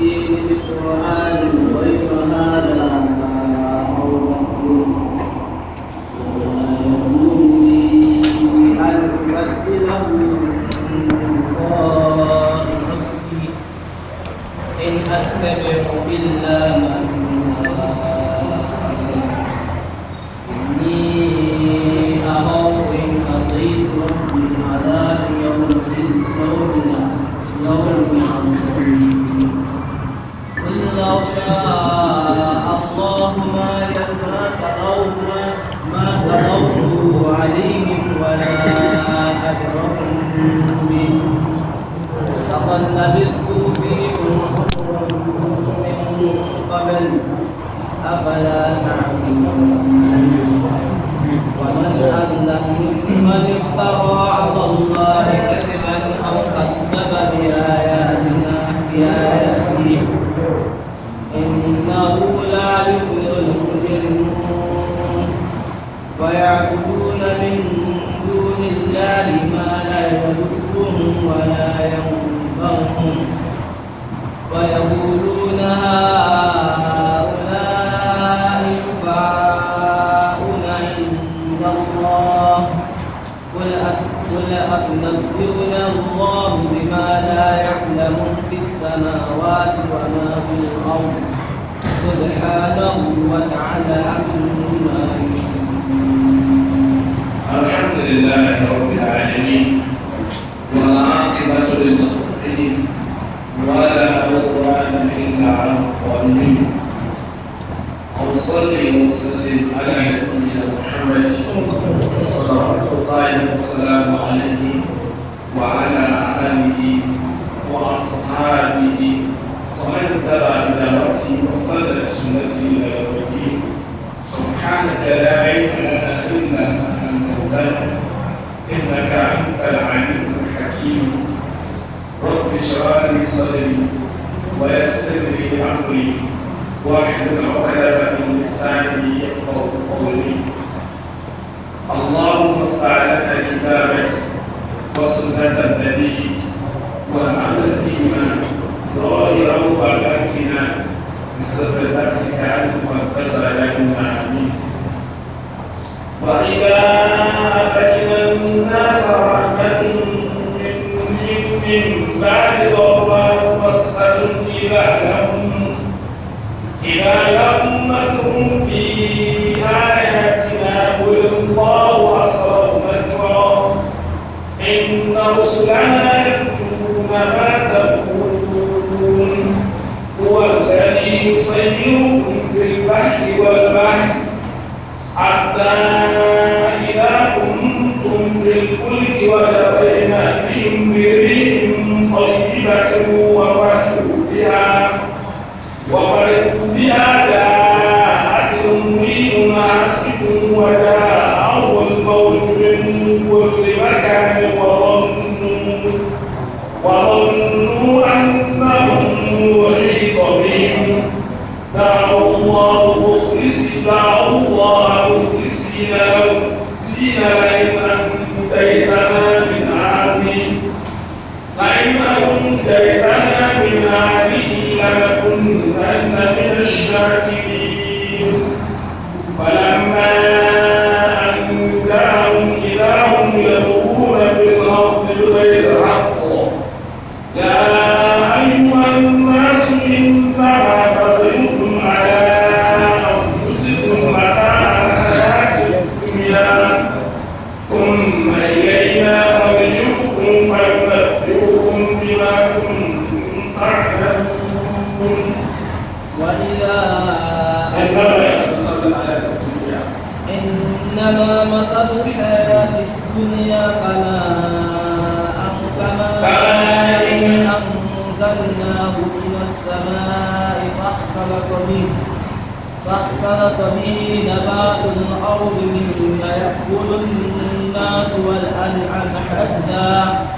ائت بقرآن غير هذا ولا عدوان إلا على الظالمين وصلي وسلم على نبينا محمد صلوات الله وسلامه عليه وعلى آله وأصحابه ومن تبع بدعوته وصلى بسنته إلى يوم الدين سبحانك لا علم لنا إلا ما علمتنا إنك أنت العليم الحكيم رب اشرح لي صدري ويسر لي امري واحلل عقدة من لساني يفقه قولي اللهم افتح لنا كتابك وسنة النبي والعمل بهما ظاهرا وباطنا بسببتك عنه وانتسى لهما امين وإذا أتينا الناس رحمة من بعد ضراء مست إذا لهم إذا في آياتنا قل الله أسرع مكرا إن رسلنا يكتبون ما تقولون هو الذي يصيركم في البحر والبحر حتى بالفلك وجرينا بهم بريح طيبة وفرحوا بها وفرحوا بها جاءتهم ريح عاصف وجاءهم الموج من كل مكان وظنوا وظنوا أنهم أحيط بهم دعوا الله مخلصين دعوا الله مخلصين له الدين لئن كيفما من عاصم فإن أكن كيفما من هذه لأكونن من الشاكرين فلما الدُّنْيَا فَمَا كَمَاءٍ أَنزَلْنَاهُ مِنَ السَّمَاءِ فَاخْتَلَطَ بِهِ نَبَاتُ الْأَرْضِ مِمَّا يَأْكُلُ النَّاسُ وَالْأَنْعَامُ حَتَّىٰ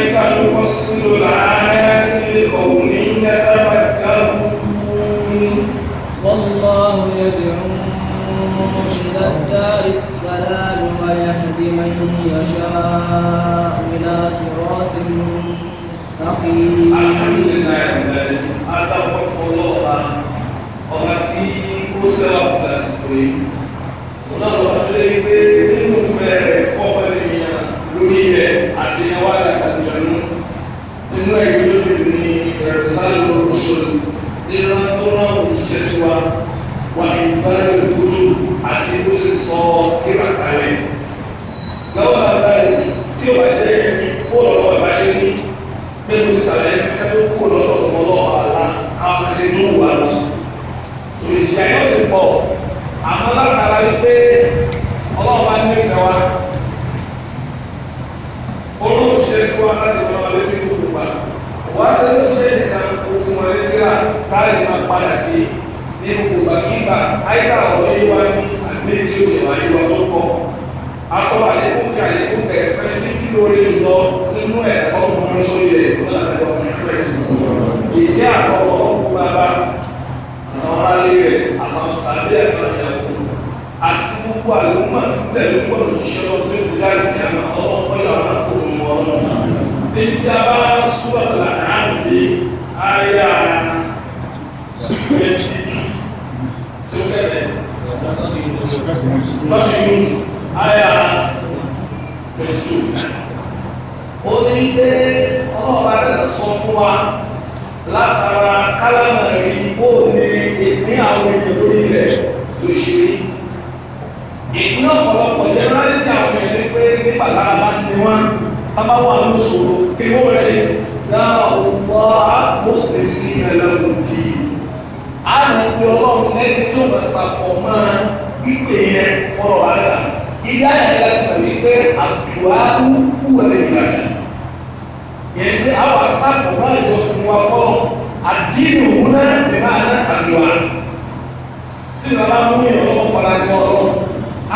كذلك نفصل الآيات لقوم يتفكرون والله يدعو إلى الدار السلام ويهدي من يشاء إلى صراط مستقيم الحمد لله رب العالمين أتوفى الله ومتي كسر أبو أسبوعين ونرى أخيرا lórí rẹ̀ àti ẹwà àtàjọ̀nù nínú ẹ̀jọ́ tó dùn ní ìrẹsàlù oṣooṣù nínú tó náà kò ṣiṣẹ́ sí wa wà ìfẹ́lẹ́ ìgbóṣù àti bó ṣe sọ tíra kalẹ̀. lọ́wọ́ àbáyé tí ó bá jẹ́ kó lọ́wọ́ bá ṣe ní nínú sàlẹ̀ kẹ́tọ́ kó lọ́wọ́ ọmọlọ́wọ́ àlá àwọn ẹ̀sìn tó wù wá lọ. ìṣẹ̀yìn ó ti pọ̀ àmọ́ látara wípé ọlọ́wọ́ bá ń nífẹ̀ẹ́ wa olóhùn ṣiṣẹ́ sí wa láti wọn wọn létí gbogbo wa wá sẹ́nu ṣe nìkan kó fún wọn létí rà táyì máa padà sí ní gbogbo gbàgbígbà àyíká ọ̀rọ̀ yìí wá ní àgbé tí oṣù àyíwá tó pọ̀ akọ́wà lẹ́kùn kí àlékún kẹ̀ fẹ́ tí kíló rẹ̀ jùlọ nínú ẹ̀ ọmọ sórí rẹ̀ lọ́làdẹ́wọ̀ ìfẹ́ àkọ́kọ́ ọkùnrin bàbá àwọn aráalé rẹ̀ àwọn sàbẹ̀ àtàwọn àti gbogbo àlùmọ́ àti tẹ̀lé gbọ́dọ̀ ṣiṣẹ́ lọ tó kù láti jẹ́ àmà ọlọ́run pẹ̀lú àwọn akọ̀wé wọn. Ebi tí a bá súnmọ́ tàlà náà lè ayá twenty two tó kẹ̀lẹ̀. Fọ́sùnmùs ayá twenty two. Ó ní pé ọlọ́ọ̀bá rẹ̀ sọ fún wa látara kálámà rí bóòlù ìpín àwọn èèyàn lórí rẹ̀ lóṣèlú ní ọ̀pọ̀lọpọ̀ jẹ́nẹ́rẹ́tì àwọn èèyàn ní pé nígbà tára bá ní wọn a máa wà ní ìṣòro kí wọ́n wọ́n ṣe dá ọ̀pọ̀ àmúfẹ́ sí ẹlẹ́gùn dì í. a nà ń pe ọlọ́run lẹ́ni tí ó bá sàpọ̀ máa wípé yẹn fọ́rọ̀ àgbà ilé ayẹyẹ láti sọ wípé àdùá kú ẹ̀rẹ́ ìlànà yẹn pé àwọn àsàpọ̀ máa ìjọsìn wa fọ́rọ̀ àdínù wúná ní máa ná àdùá tí bàbá mú ìrànlọ́wọ́ fara ní ọlọ́run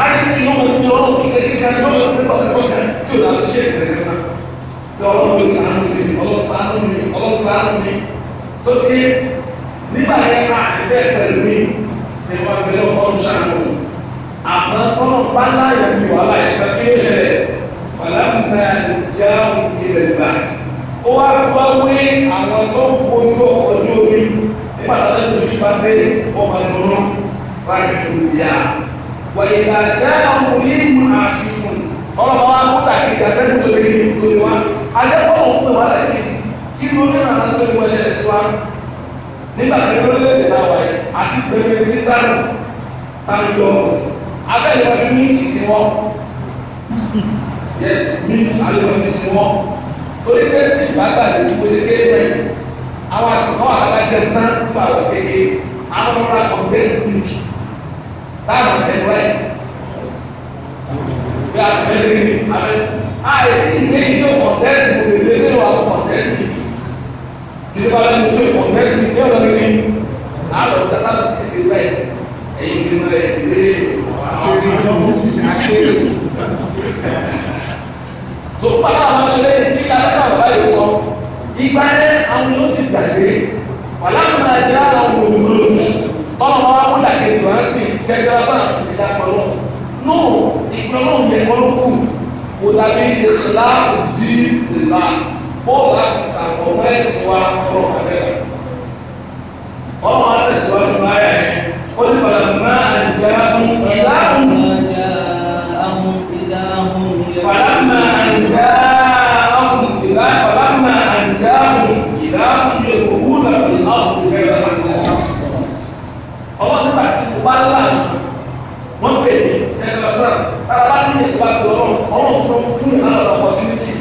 àríkì ló mọ̀ ní ọlọ́run kíkẹ́ kíkẹ́ ní ọlọ́run ní tọ́kẹ́tọ́kẹ́ tí ò dá sí ṣe ìṣẹ̀lẹ̀ náà pé ọlọ́run ló sàánú mi ọlọ́run sàánú mi ọlọ́run sàánú mi tó ti nígbà yẹn máa ìfẹ́ pẹ̀lú mi ni wọ́n gbé lọ́kọ́ ọdún sàánú mi àmọ́ tọ́nà bá wàyè ìdàjà ọkùnrin ìmú àṣì fún ọlọ́pàá wa kó tà kí ìdàjà tó lè ní ìlú ni wa adẹ́kọ̀ọ́ òun pè wá láti ẹ̀sì kí ló ní ìrànlá tó ní wọ́n ṣe ẹ̀sì wa nígbà tó ló lè dè náà wáyé àti pèmè tí táwọn táwọn yọ ọ̀rọ̀ abẹ́lẹ̀ wọn ní ìsìn wọn yẹs ní alẹ́ wọn wọn torí pé tí ìgbàgbà lè ní kóse kéde náà àwọn àṣùkọ́ àgbàjẹ tán gbà wọ́n kéde àwọn ọmọ rà kọ̀ọ̀bẹ́sì bíi táàmù tẹnu ẹ̀ bí a tẹ̀lé sí ní abẹ́ àìsí ìwé yìí tó kọ̀ǹtẹ́sì kò lè lé wà kọ̀ǹtẹ́sì títí bá lẹ́nu tó kọ̀ǹtẹ́sì ní ọ̀nà nínú àlọ́ tẹ́lá ti ṣe bẹ́ẹ̀ ẹ̀yìn kìnnú ẹ̀ ìwé akéwì tó pàtàkì àwọn ṣẹlẹ̀ kí lálẹ́kà bàbá yìí sọ ìgbà yẹn àwọn yóò ti gbàgbé wàlámù àjẹ́ àwọn olùmọ̀lóṣù bọ́lá wọn wá wúlà kejì wọn sì ṣẹṣẹ lásán ìdá pẹ̀lú nù ìpinnu yẹ ọlọ́kù kò dàbí ìṣìláṣì di ìlà bọ́ọ̀lù àti sàkóńtà ẹ̀sìn wa fún ọ̀rẹ́ ọmọ àtẹ̀síwájú náà yẹ kó nífàlà náà àjẹmú ìlànà. lálà wọ́n pè ní sẹ́kọ̀sán tábà ní ìgbà gbọ́rọ̀ ọ̀hún fún fún ìlànà opportunity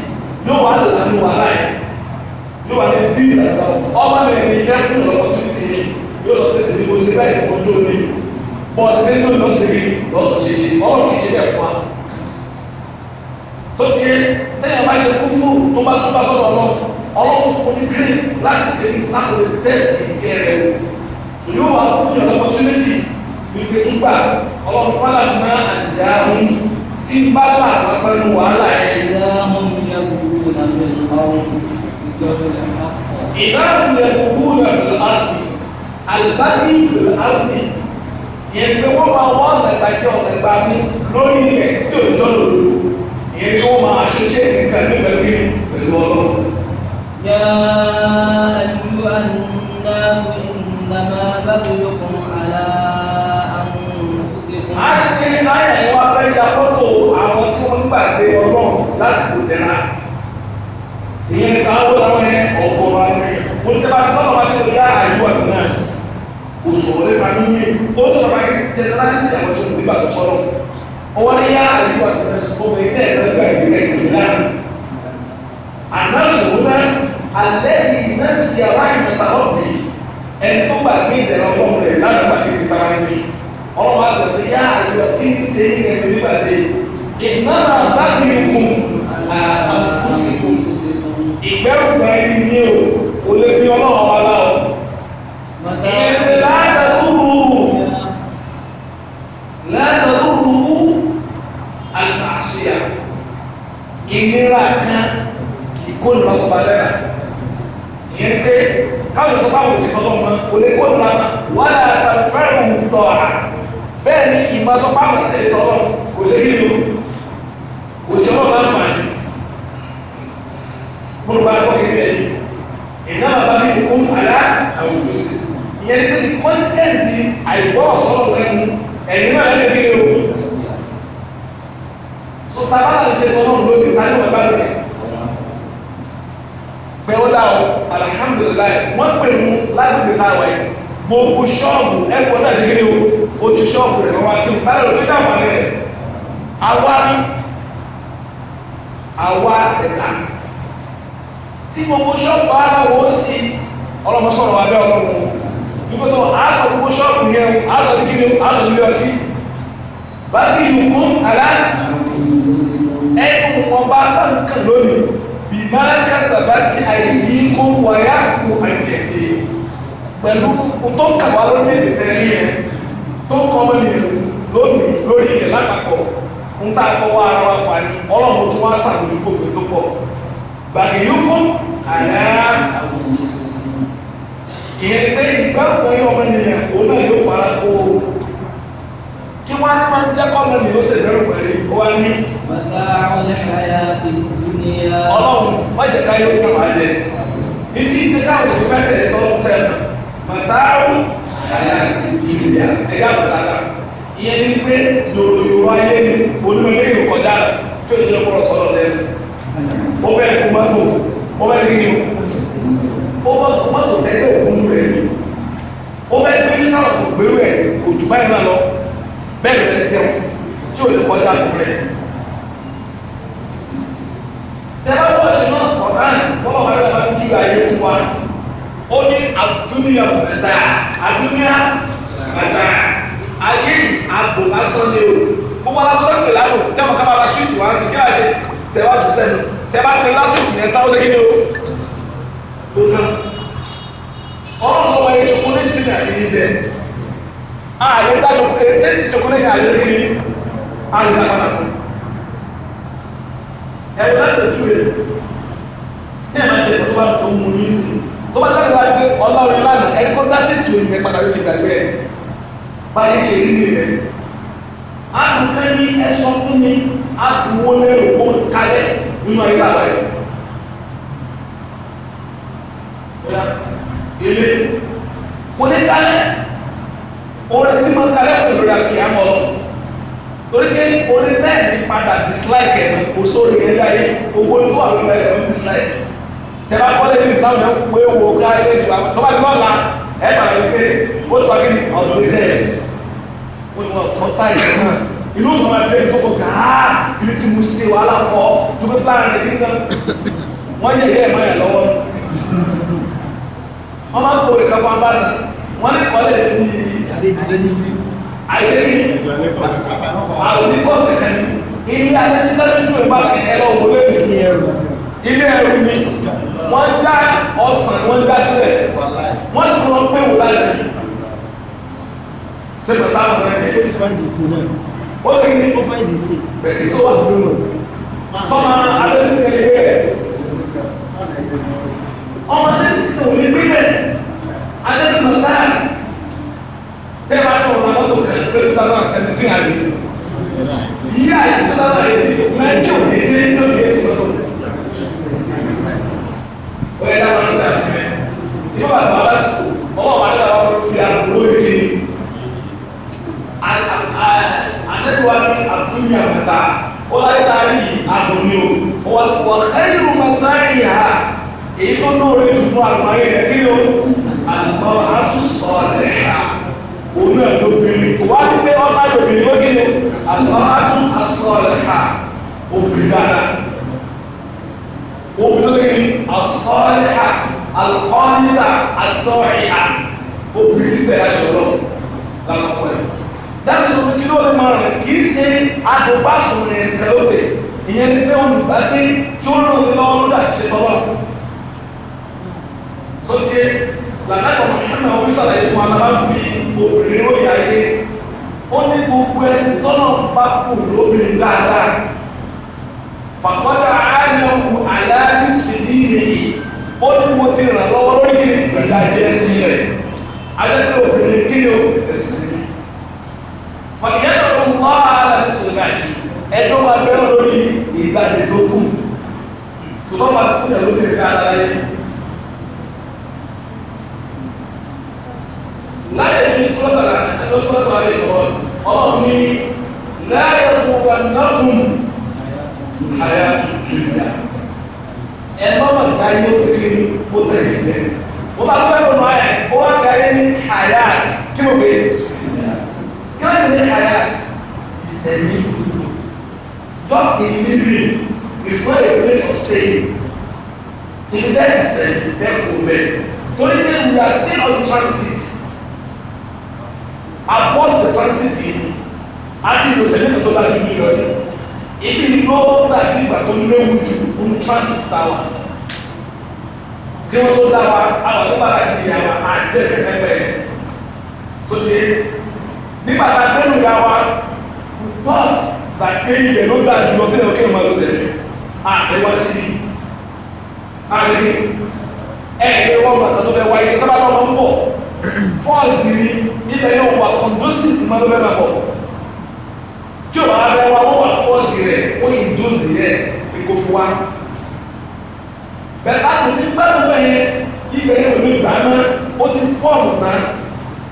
yóò wà lánàá wàhálà yẹn yóò wà ní bíi ìgbà ọba rẹ̀ ní ìyá fún ìlànà opportunity yẹn yóò sọ pé sèmi kò sí báyìí fún ojú omi bọ́ ṣe ní ọdún ṣe rí lọ́sọ̀ ṣe ṣe ọ̀rọ̀ kì í ṣe bẹ́ẹ̀ fún wa. tó ti yẹ lẹ́yìn bá ṣe kú fún tó bá túbà sọ̀rọ̀ lọ ọlọ́run fún ní grace láti ṣe láti tẹ́sì ìkẹrẹ̀ wò yóò wà fún ìyọ̀nà opportunity wípé nígbà ọlọ́run fọlá máa àjà ń tí bá bà wá pẹ̀lú wàhálà yẹn náà mú mi yẹn gbogbo náà lẹ́yìn ọ̀hún ìjọba ìbáàmù yẹn gbogbo náà sọ̀rọ̀ láti àlùbáàdì ìfòlù àti yẹn pé wọ́n máa wọ́ ọ̀nàgbà jẹ́ ọ̀nàgbà mú lórí ilẹ̀ tí ò tọ́ lòlù yẹn pé wọ́n máa ṣiṣẹ́ sí nǹkan nígbà bí pẹ̀lú ọlọ́run. yá ayélujára náà sọ ìnáwó alábàbí yóò gbàgbé ọlọ́run lásìkò dẹ́ra ìyẹn nípa wọn làwọn yẹn ọ̀gbọ̀rọ̀ àná wọn tẹ́ bá lọ́wọ́ bá ti lọ yá àyù àgbọ̀nàsì kò sọ̀rọ̀ nípa níyẹn ó sọ̀rọ̀ bá jẹnẹrálítì àwọn tó ń gbé bàtọ̀ sọ̀rọ̀ ọwọ́ ni yá àyù àgbọ̀nàsì obìnrin tẹ́ ẹ̀rọ gbà ìgbẹ́ ìgbìlá ànásòwòrán alẹ́ ìnásí aláìmọ̀tà ọ̀bì ẹni tó gbàgbé ìdẹ̀rọ̀ ọlọ́run rẹ̀ lánàá bá ti di tara ẹni ọlọ́run àgbẹ̀ yá àyù àgbẹ̀ kí ni ṣe é ní ẹni nígbàdé ìnáwó àbáyọkùn àfúnṣekùn ìgbẹ́rùgbà ẹni ní o kò lè ní ọlọ́run wa láwọ. ìyẹn látàlúrú látàlúrú àlàáṣíà ìnira kan ìkólùmọ̀ ọba lẹ́nà ìyẹn pé káwọn ìfọwọ́ àwọn òsì kan lọ́mọ kò lè kólùmọ̀ wà látàlúfẹ́rù tọ̀ bẹ́ẹ̀ ni ìmọ̀ sọ àwọn tẹ̀lé tọ́lọ́ kò ṣe kí ni o kò sí ọmọ máa ń fà ní gbogbo akọ kékeré yìí ìná bàbá mi kò kún àlá àwọn òfòsì ìyẹn ní pé ní kọ́sítẹ́ǹsì àìgbọ́ ọ̀sọ́rọ̀ lẹ́nu ẹ̀yìn náà lẹ́sẹ̀ kékeré o so tàbá lè ṣe tọ́lọ́ lóde tani wọ́n bá lóde pé ó dá o alihamudulilayi wọ́n pè mú lágbègbè náà wáyé gbogbo ṣọ́ọ̀bù ẹ̀kọ́ náà ti kékeré o ojú ṣọ́ọ̀bù rẹ̀ wá kí n bá lọ́ọ́ fi dáhùn rẹ̀ awárí àwa ẹ̀ka tí gbogbo ṣọ́ọ̀bù aláwọ̀ ó sí ọlọ́mọ sọ̀rọ̀ abẹ́ ọlọ́run nígbà tó aṣọ gbogbo ṣọ́ọ̀bù yẹn aṣọ ní kíni aṣọ nílé ọtí bá bí ìlúkún àlá ẹkùn wọn bá bá nǹkan lónìí bí máa ń kásà bá ti àìní kó wáyà fún àìjẹ̀dẹ̀ pẹ̀lú tó ń kàwá lórí èdè tẹ́lẹ̀ yẹn tó ń kọ́ lónìí lónìí lórí ẹ̀ lápapọ̀ ńgbà fọwọ́ ara wa fà ní ọlọ́run tó wá sàmójú kò fẹ́ tó pọ̀ gbàgbé yókù àná àwòsí ìyẹn pé ìgbà òkúnyẹ ọmọ ènìyàn òun náà yóò fara kó o kí wọ́n á máa ń jẹ́ kọ́ ọmọ mi ló ṣèlérí pẹ̀lú ó wá ní. bàtà ọlẹ́kàyà ti dúnìyà. ọlọ́run má jẹ́ ká yóò tàn jẹ ní tí káwọn òfin fẹ́ tẹ̀lé tọ́lọ́ sẹ́nu bàtà ọlẹ́kàyà ti dúnìyà ẹ̀yà bàtà náà ìyẹn ní pé yòrò yòrò ayé ni onímọ̀lẹ́ yòrò kọjá tó ìjọ kọ̀rọ̀ sọ̀rọ̀ lẹ́nu ó fẹ́ kó mọ́tò ó fẹ́ kí ni ó bọ́ kó mọ́tò tẹ́lẹ̀ òkun rẹ̀ ni ó fẹ́ gbé náà kò gbé rẹ̀ kò jù báyìí náà lọ bẹ́ẹ̀ lọ tẹ́wọ̀n tí ò lè kọjá kù rẹ̀ tẹ́lá wọ́ọ̀ṣì náà kọ̀ọ̀kan bọ́ọ̀ bá lọ́ba ju ayé fún wa ó ní àdúnyà mẹ́ta àdúnyà mẹ́ta ayé yìí adùn lásán ni o gbogbo alágbọ́dọ̀ pè lánàá tẹ́wọ̀n ká bá la súwìtì wá sí kí wàá ṣe tẹ́wọ́ àdùn sẹ́nu tẹ́wọ́ àti pẹ̀lú súwìtì yẹn táwọn ṣẹ́gi o ó ná ọlọ́run lọ́wọ́ ẹni chocolate nígbà tí yín jẹ ààyè dájọ pé tẹ́sítì chocolate ààyè lórí ni ààyè lápára kan ẹ̀rọ láti ojú rẹ̀ tí ẹ̀ máa ṣe ìtọ́jú bá tó mú yín sí tó bá dájú wá pé ọlọ́run lánàá ẹni kó dá tẹ́sítì òyìnbó padà ló ti gbàgbé ẹ̀ báyìí ṣe rí nìyẹn alùpùpù ní ẹsọ fún mi àdùnwó lé òkú kalẹ̀ nínú ayé bàbá yìí ọ̀yà ilé kò ní kalẹ̀ orin tí mo kalẹ̀ kò lórí àkìyà mọ́ ọ torí pé orin náà ní padà dislike ẹ̀ kò sóri ẹ̀ láyé owó ní wà lórí ẹ̀ fún dislike tẹ̀lá kọ́lé ní ìsáwọn ẹ̀ pé wo ká ẹ̀ lé ìsìlámù tọ́ba ní wọ́n la ẹ̀ bàrà wípé ó ti wá kí ni ọ̀dọ́ ní tẹ̀lé wọ́n ni wọ́n kọ́ sáì náà ìlú ìjọba ẹgbẹ́ ìtọ́kọ gàá ilé tí mo ṣe wàhálà kọ́ tó fẹ́ bá rẹ̀ nígbà wọ́n yẹ yẹ́ ẹ̀mọ́ yẹn lọ́wọ́ wọ́n máa ń kó ìka fún abáná wọ́n ní kọ́lẹ̀ ní àdébísí àyẹ̀rí àwọn oníkọ́ kẹ̀kẹ́ ní ilé alẹ́sẹ́lẹ́tù ìbáraẹ̀ ẹ̀rọ òwúlé ní ẹrù ilé ẹrù ni wọ́n dá ọ̀sán wọ́n dá sílẹ̀ wọ́n sì wọ́n pé wò lálẹ́ ṣé bàbá àwọn ẹni ó sì fẹ́ẹ́ dìísì náà ó lè ní ó fẹ́ẹ́ dìísì bẹ́ẹ̀ tó wà lórí mọ̀ sọ́mà adébísí ni gbé rẹ̀ ọmọ adébísí ni òun gbé rẹ̀ adébísí ni náà tẹ́ bá ní ọ̀nà mọ́tò kẹ́lẹ́ pé two thousand and seventeen àbí yíyá yìí two thousand and eighteen nineteen òní ní tó fi eighteen mọ́tò ó yẹ ká máa ń tà ní ìfọwọ́ àgbà wá sí ọwọ́ àgbà wá ní àdúnyà mẹ́ta ó láyé tá a rí àdùnní o wà khairu mataiha èyí tó lóore fún àgbáyé rẹ̀ kí ló àlùkò àtúnṣọ rẹ̀ rà òun náà lóbìnrin kò wá ní pé ọba lóbìnrin ló kí ni àlùkò àtúnṣọ rẹ̀ rà òbí dára obìnrin asọ́lẹ́hà alkọ́nìlà àtọ́ìhà obìnrin ti bẹ̀rẹ̀ aṣọ lọ́wọ́ lálọ́kọ́ yìí dáàbò tó ti lóore mọ rẹ kì í ṣe agbóbáṣùn rẹ kẹlóore ìyẹn ní pé olùgbàgbé tí ó lóore lọ́wọ́ ló dà ṣe tọ́wọ́ tó ti yẹ lànà ìgbàgbọ́ nínú àwọn ìṣàlàyé fún wa náà fi obìnrin ó yà yé ó ní gbogbo ẹni tọ́nà bá kù lóbìnrin dáadáa fàkọ́dà áyọ̀kù aláàbísìtì nìyí ó ní mo ti ràn lọ́wọ́ lórí ìgbàdájẹ́ sí rẹ̀ adẹ́gbẹ́ obìnrin kí ni ó ẹ̀sìn fọlìyẹ́dọ̀ ló ń wá láti sùn ìgbàjì ẹjọ́ wa bẹ́ẹ̀ lórí ìgbàjì tó kù ṣùgbọ́n wa fún ẹ̀ lórí ìgbà ara rẹ̀. láyé ní sọ́tàlá ló sọ́tàlá rẹ̀ kọ́ ọmọ mi láyé kó wà lọ́dún àyà tuntun yá. ẹ má mà ká yóò ti rí kó tẹ̀lé jẹ. mo bá lọ́wọ́ ẹ̀kọ́ náà ẹ̀ ó wá ká yé ní àyà kí mo bèèrè. God made Hayat is a living Just in living is not a place of staying. In that is a takeover. Don't even we are still on transit. About the transit in àti ìlòsẹ̀lẹ̀ tó bá ní ìlú Ìlọrin. Ibi ni ló dàbí ìgbà tó léwu jù ní transit tower kí wọ́n tó dá wa àwọn tó bá ta kiri àwọn àjẹ́ kẹ́kẹ́ bẹ́ẹ̀ tó ti nígbà tá a gbẹ́nu ìyá wa we thought that pé ibẹ̀ ló dáa jùlọ kí ẹ̀rọ kéèmọ̀ ló sẹ̀lẹ̀ àtẹ̀wá sí i àti ẹ̀ẹ́dẹ́ wọn bàtà tó fẹ́ wáyé tábà lọ́wọ́ ń bọ̀ fọ́ọ̀sì ni ibẹ̀ yóò wà conducive máa ló fẹ́ máa bọ̀ tí o bá bẹ wa wọ́n wà fọ́ọ̀sì rẹ̀ ó yìí dóòsì rẹ̀ kó fún wa bẹ̀rẹ̀ àtúntí gbàdúrà yẹn ibẹ̀ yẹn ò ní gbà náà ó ti fọ́ọ̀mù tán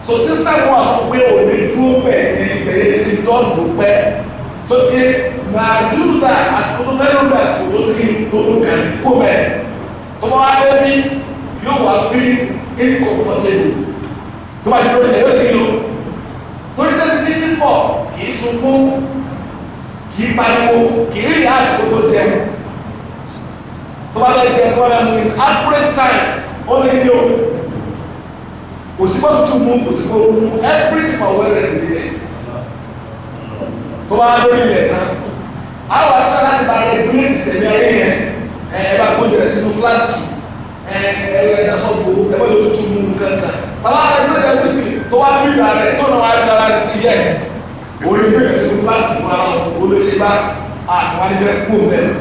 so sísá ni wọn sọ pé òní dúró bẹ́ẹ̀ ni bẹ̀rẹ̀ sí dọ́ọ̀dù pẹ́ tó ti máa dúró dà àsìkò tó fẹ́ẹ́ lọ́gbà àsìkò tó sì tó ń kà ní kó bẹ́ẹ̀ tó bá wá dé bí yóò wá fi incompatible tó bá ti lórí ẹ̀ yóò kí ló torí tẹ́lẹ̀ títí pọ̀ kì í sunkún kì í pariwo kì í rí àsìkò tó jẹun tó bá bẹ jẹun tó bá bẹ mú in accurate time ó lè ní o kò sí bá tuntun mú kò sí bó mú everything are well regulated tó bá lórí ilẹ̀ náà àwọn àtúntò láti bá regulate sẹ̀mí ayé yẹn ẹ bá gbójú rẹ̀ sínú flask ẹ ẹ ẹja sọ́gbó ẹ bá yóò tuntun mú kankan bàbá àtẹ̀gbẹ́ regulate tó wá bí ìlà rẹ̀ tó náà wá bí ìlà rẹ̀ yes òun ìgbé rẹ̀ sínú flask fún ara òun lè ṣe bá àtúwá ní fẹ́ kú mẹ́rin.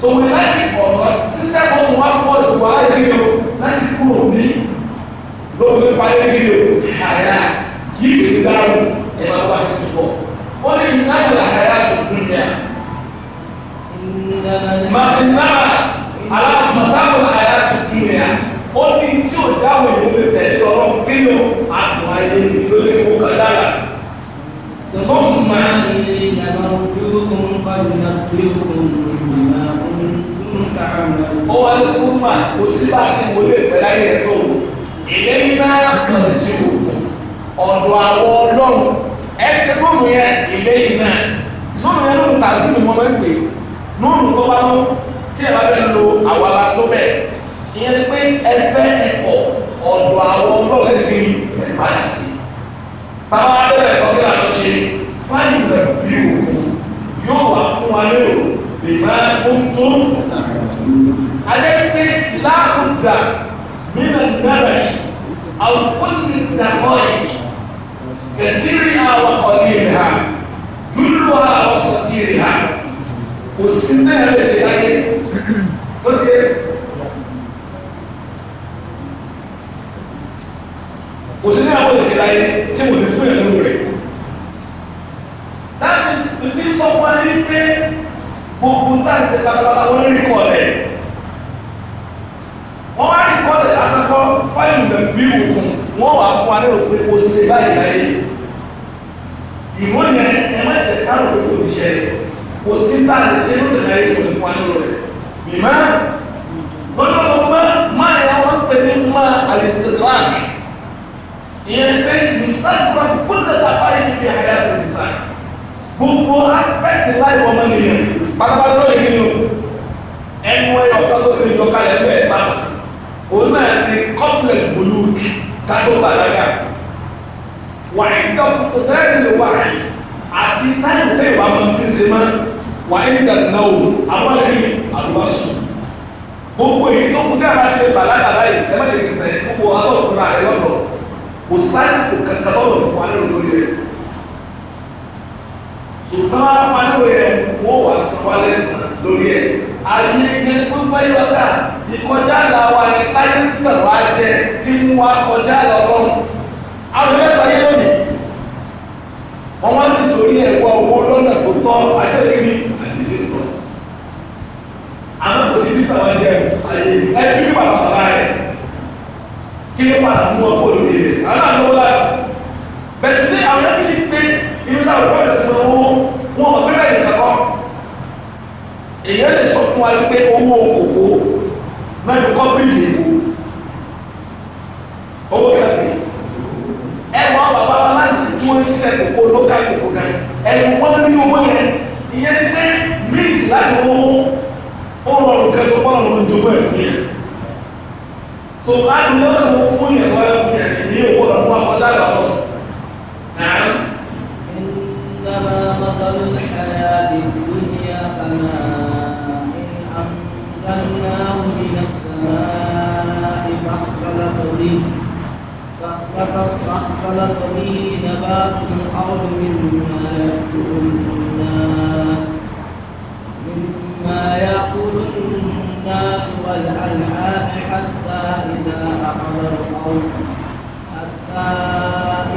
so we like it or not system one one force wàhálà ìdílé o láti kúrò ní lóòótọ́ nípa ayélujára hayat yìí kìí dáhùn ẹ̀ máa wá sí púpọ̀ wọ́n ní ìnáwó hayat dunya màmínáà alámọ̀tàwó hayat dunya ó ní tí ò dáhùn èyí lè tẹ̀lé ọ̀rọ̀ kílò àpò ayé ìdílé kó kàdára. ثم إنما رجوكم فلنبئكم بما كنتم تعملون. هو الثم وسبع سنوات بلا يتوب èyí náà kàn jù ọ̀dọ̀ àwọn ọlọ́run ẹgbẹ́ gbogbo yẹn eléyìí náà lónìí yẹn lónìí tàṣí ni wọ́n máa ń pè lónìí tó bá mú tí ẹ bá fẹ́ lo àwọn ala tó bẹ̀ ìyẹn pé ẹ fẹ́ ẹ̀kọ́ ọ̀dọ̀ àwọn ọlọ́run ẹ̀ sì fi ẹ̀ máa sí i táwọn abẹ́rẹ́ ẹ̀kọ́ kí làwọn ṣe fáyì rẹ̀ bí òkú yóò wá fún wa lérò lè máa ń tó. a pé láàbùdà من النبأ أو كل الدقائق كثيرها وقليلها جلها وصغيرها kò sí náà lè ṣe ayé tó ti yẹ kò sí náà lè ṣe ayé tí mo lè fún ẹ̀rọ rẹ̀ that is the thing sọ fún wa ní pé gbogbo táà ń ṣe pátápátá wọn rí kọ́ ọ̀lẹ́ wọ́n wá rí kọ́lẹ̀ lásán kọ́ fáìlì rẹ̀ bí òkun wọ́n wà fún wa lérò pé o ṣe báyìí láyé ìwọ yẹn ẹ má jẹ káàrọ̀ pé kò ní ṣe kò sí tá a lè ṣe ló sì láyé tó ní fún wa lérò rẹ̀ mímọ́ lọ́jọ́ tó mọ́ máa yẹ wọ́n pè ní máa alistidraki ìyẹn pé ìsìláàdúrà fún dàda báyìí fi àyà sí ìsà gbogbo aspect láì wọ́n mọ́ nìyẹn pátápátá lọ́yẹ̀ kí o ẹnu ẹ̀yọ̀ kátó ìjọ kalẹ̀ bẹ́ẹ̀ sábà òun náà ni kọ́pìlẹ̀ bùlùkì kátó bàlágà wàá gbà fún bẹ́ẹ̀ ni wàá àti táyà tẹ́ ìwà máa ti ṣe máa wàá gbà náà o àwọn ẹ̀rí àlùbá sùn gbogbo èyí tó kún tẹ́lẹ̀ bá ṣe bàlágà báyìí ẹ má lè bẹ̀rẹ̀ gbogbo aṣọ òkúra ẹ lọ́dọ̀ kò sásìkò kankan lọ́dọ̀ fún alẹ́ òdo yẹ ṣùgbọ́n afánilóye wọ́n wà sanwó alẹ́ sàn lórí ẹ̀ ayé ẹgbẹ́ gbogbo ayé wá dáa ìkọjá àlà wa yẹn táyé ń tàn wá jẹ tí ń wá kọjá àlà ọlọ́run àwọn ẹgbẹ́ sáyé lónìí wọ́n wá ti torí ẹ̀ wá owó lọ́nà tó tọ́ àti ẹ̀kiri àti ìṣèlú tọ́ àwọn kò sí ti tàn wá jẹ ẹbí bàbá bàbá rẹ kí ló padà mú ọkọ lórí rẹ àwọn àlọ́ wọlé bẹ̀tí ní àwọn ẹbí ní pé inú táwọn ọ̀pọ̀ ti sanwó wọn ò gbé bẹ́ẹ̀ nìkan kọ́ èyí ẹ̀ lè sọ fún wa wípé owó kòkó náà ní kọ́pìtì ìbò owó kẹrìndì ẹ wọ́n bàbá aláǹdì tí wọ́n ṣiṣẹ́ kókó lókà kókó náà ẹ̀rù wọn ní owó yẹn ìyẹn ti pé míìsì láti wọ́n ó rọrùn kẹtọ́ pọ́nà lórí ìdókòwò ẹ̀ fún yẹn so láti wọ́n kàn wọ́n fún yẹn wáyé fún yẹn ní owó ọ̀dọ́ àwọn dára wọn. إنما مثل الحياة الدنيا كماء إن أمر مددناه من السماء فاختلط به فاختلط, به نبات الأرض مما يأكل الناس مما يأكل الناس والأنعام حتى إذا أخذ الأرض حتى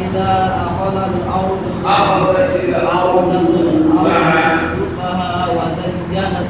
إذا أخذ الأرض أخذت الأرض زخرفها وزينت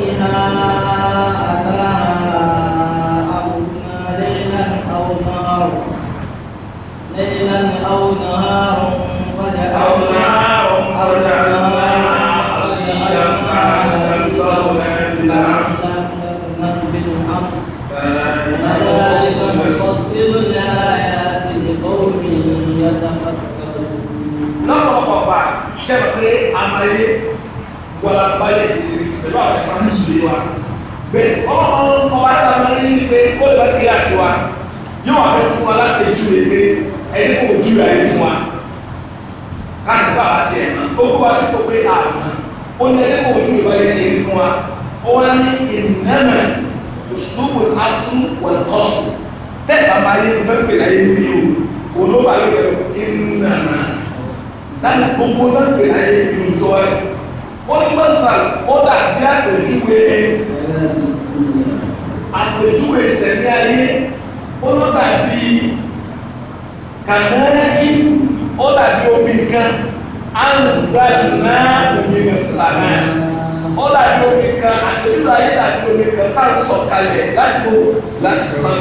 coração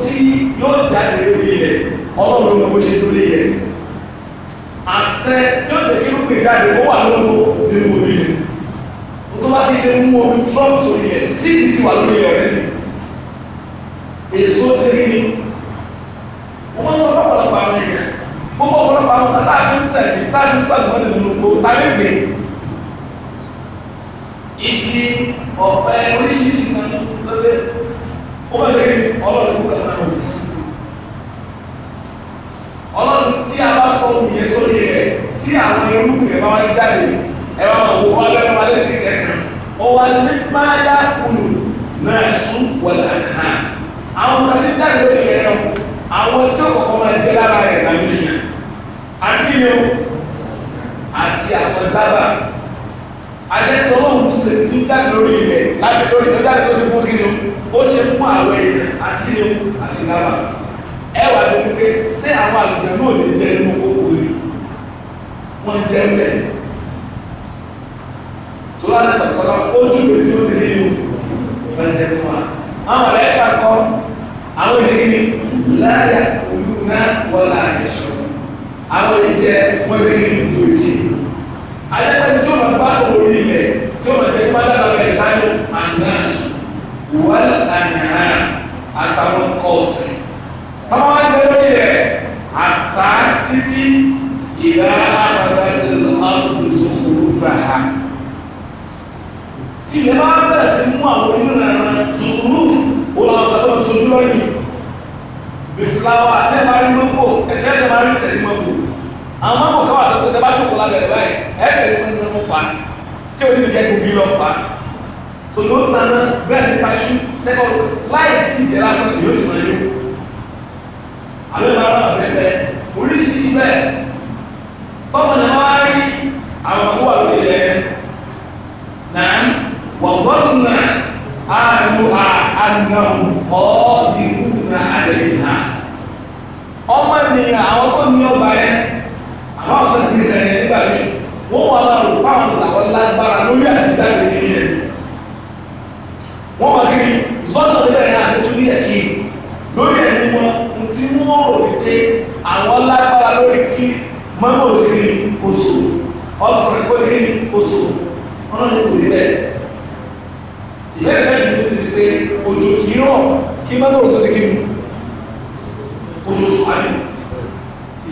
tí yóò jáde lórí ilẹ̀ ọlọ́run ló bó ṣe lórí ilẹ̀ àṣẹ tí ó lè kí ló pè jáde ó wà lọ́wọ́ nínú omi ilẹ̀ tó bá ti lè mú omi trump sórí ilẹ̀ síìdì ti wà lórí ilẹ̀ rẹ̀ èso ti rí ni wọ́n sọ fún ọ̀pọ̀lọpọ̀ àwọn èèyàn gbogbo ọ̀pọ̀lọpọ̀ àwọn tàbí àfẹ́sẹ̀ ní tàbí sàgbọ́n nínú gbogbo tàbí gbé igi ọ̀pẹ oríṣiríṣi kan lọ́lẹ́ ó bẹ̀rẹ̀ lẹ́yìn ọlọ́run ló kàn náà yìí ọlọ́run tí a bá sọ òun yẹn sórí rẹ̀ tí àwọn irú yẹn bá wá jáde ẹ wá wò wá lẹ́nu wá lẹ́sí kẹ̀kẹ́ ó wá ní máyà kùnú náà sún wọlé àná àwọn kan ti jáde lórí rẹ̀ náà àwọn tí ó kọ̀kọ́ máa jẹ́ lára rẹ̀ làwọn èèyàn àti ìyẹn àti àwọn dábàá ajẹ́pẹ́ ọlọ́run ṣe ti jáde lórí ilẹ̀ láti lórí ilẹ̀ jáde tó ṣe fún kíni ó ṣe fún àwọn èèyàn àti ewu àti lábà ẹ wà tó wípé ṣé àwọn àgbẹ̀ náà lè jẹ nínú kókó rẹ̀ wọ́n jẹ́ bẹ́ẹ̀ tó láti sàkóso ojú rẹ̀ tí ó ti rí ni wọ́n jẹ́ fún wa àwọn ọ̀rẹ́ ká kọ́ àwọn ìṣègì ni láyà òlù náà wọ́n láàyè ṣọ́ àwọn ìjẹ́ wọ́n ṣe kí ni fún èsì ayẹyẹ tí o ma gba òòrùn ilẹ̀ tí o ma jẹ kó dábàá bẹ̀rẹ̀ láyò anáàsì wàlá àníhà àtàwọn kọ́ọ̀sì táwọn ajẹ́ lórí rẹ̀ àtà títí ìlà àbàdàtì lọ́kùnrin sọ̀kòrò fàá tí ilẹ̀ bá bẹ̀rẹ̀ sí mú àwọn onírànà zùrù òun àwọn àgbàdo tuntun lọ́yìn bìfìlà wà lẹ́bàá nínú. tí o ní kẹ́kẹ́ òbí lọ fà á so ló ń nana bẹ́ẹ̀ ní kaṣú tẹ́kọ̀ láì tí ìjẹ́ lásán yóò sì máa yó àbẹ́ máa rà bẹ́ẹ̀ bẹ́ẹ̀ oríṣiríṣi bẹ́ẹ̀ tọ́mọ náà wá rí àwọn tó wà lórí ẹ̀ náà wà gbọ́dọ̀ náà àánú àánú ọ̀ọ́dìrú náà àlẹ́ ìhà ọmọ ènìyàn àwọn tó ní ọgbà yẹn àwọn àwọn tó nígbà míì wọ́n wà máa rò fáwọn làwọn lágbára lórí àtijáde kiri yẹn wọ́n máa kiri zọ́nà níbẹ̀ yẹn àtẹ́tù ní ẹ̀kí lórí ẹ̀mí wọn n tí wọ́n rò wípé àwọn lágbára lórí kí mọ́tò kiri kò sùn ọ̀sán kó kiri kò sùn wọ́n náà ní kò ní bẹ́ẹ̀ ìbéèrè bẹ́ẹ̀ ni ó sì rí pé òjò kì í rọ̀ kí mọ́tò tó ṣe kiri kò sùn àyè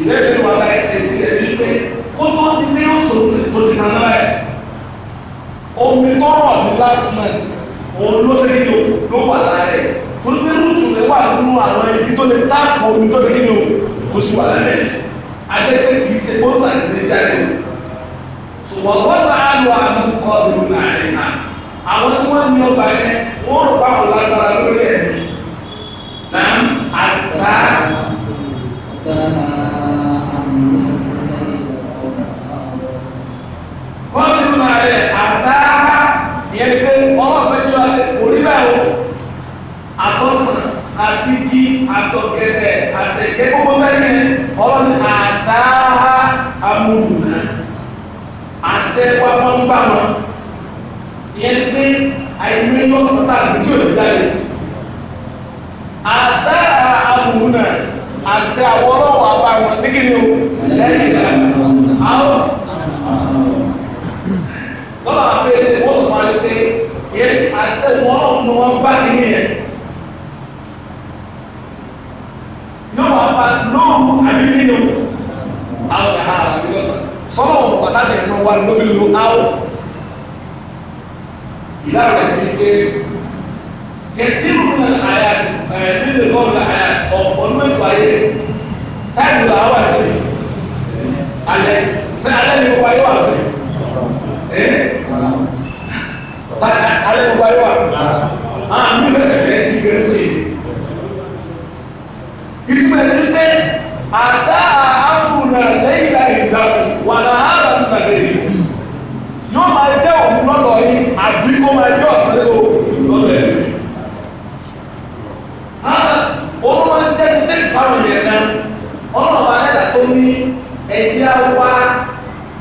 ìbéèrè bẹ́ẹ̀ wà láyé èsì ẹ̀ kótó di pé ó sòsè tó ti nà náà ẹ̀ omi tọrọ ní last month òun ló ṣe kíni o ló wà lára ẹ̀ tó ní pé rúùtù rẹ̀ wà nínú àwọn ibi tó lè táàpù omi tó ṣe kíni o kò sí wà lára adẹ́gbẹ́ kì í ṣe bóńsà ní jáde o ṣùgbọ́n wọ́n máa lo àwọn kọ́ ní láàrin náà àwọn tí wọ́n ní ọgbà yẹn wọ́n rò pa àwọn lágbára lórí ẹ̀mí náà àgbà dáadáa. kọ́ọ̀lù máa rẹ̀ àtàhà ìyẹn ni pé ọlọ́fẹ́ jọ orílẹ̀ o àtọ̀sán àti igi àtọ̀gẹ̀dẹ̀ àtẹ̀gẹ́ gbogbo mẹ́rin ọlọ́ni àtàhà amúlùmá àṣẹ wa máa ń bá wọn ìyẹn ni pé àìní lọ́sọ̀tà àgbẹ̀jì òbí jáde àtàhà amúlùmá àwọn ọlọ́wọ́ àbáwọn nígbìnnì o lẹ́yìn ìgbà àwọn lọ́la àti ẹni wọ́n sọ fún alẹ́ pé yẹn àṣẹ wọn ọ̀nà wọn bá kíní yẹn yóò wá bá lóòrù àbí nínú àwọn ẹ̀ha àbí lọ́sàn sọ́nà wọn bàtà sẹ̀yìn náà wà lóbi lu áwọ̀ ìdára rẹ̀ ní pé kẹ̀tí ìrùnà àyàt ẹ̀ nílé lọ́ọ̀lù àyàt ọ̀pọ̀lú ètò ayé táìlù àwọn àti alẹ́ sẹ́ alẹ́ ni wọ́n wáyé wà lọ́sẹ̀ alẹ́ gbogbo ayé wa àwọn àmì ìfẹsẹ̀ rẹ̀ ti gbé sí i. ìtumọ̀ ẹni pé àdá àmúna lẹ́yìn àìgbà wà náà àbàtúntà lè rí yóò máa jẹ́ òun lọ́dọ̀ yìí àbí kó máa jẹ́ ọ̀sẹ̀ lò lọ́dọ̀ yìí. òun máa ń jẹ́ sí ìpamọ́ yẹn kan ọlọ́run àlẹ́ tó ní ẹ̀jẹ̀ wá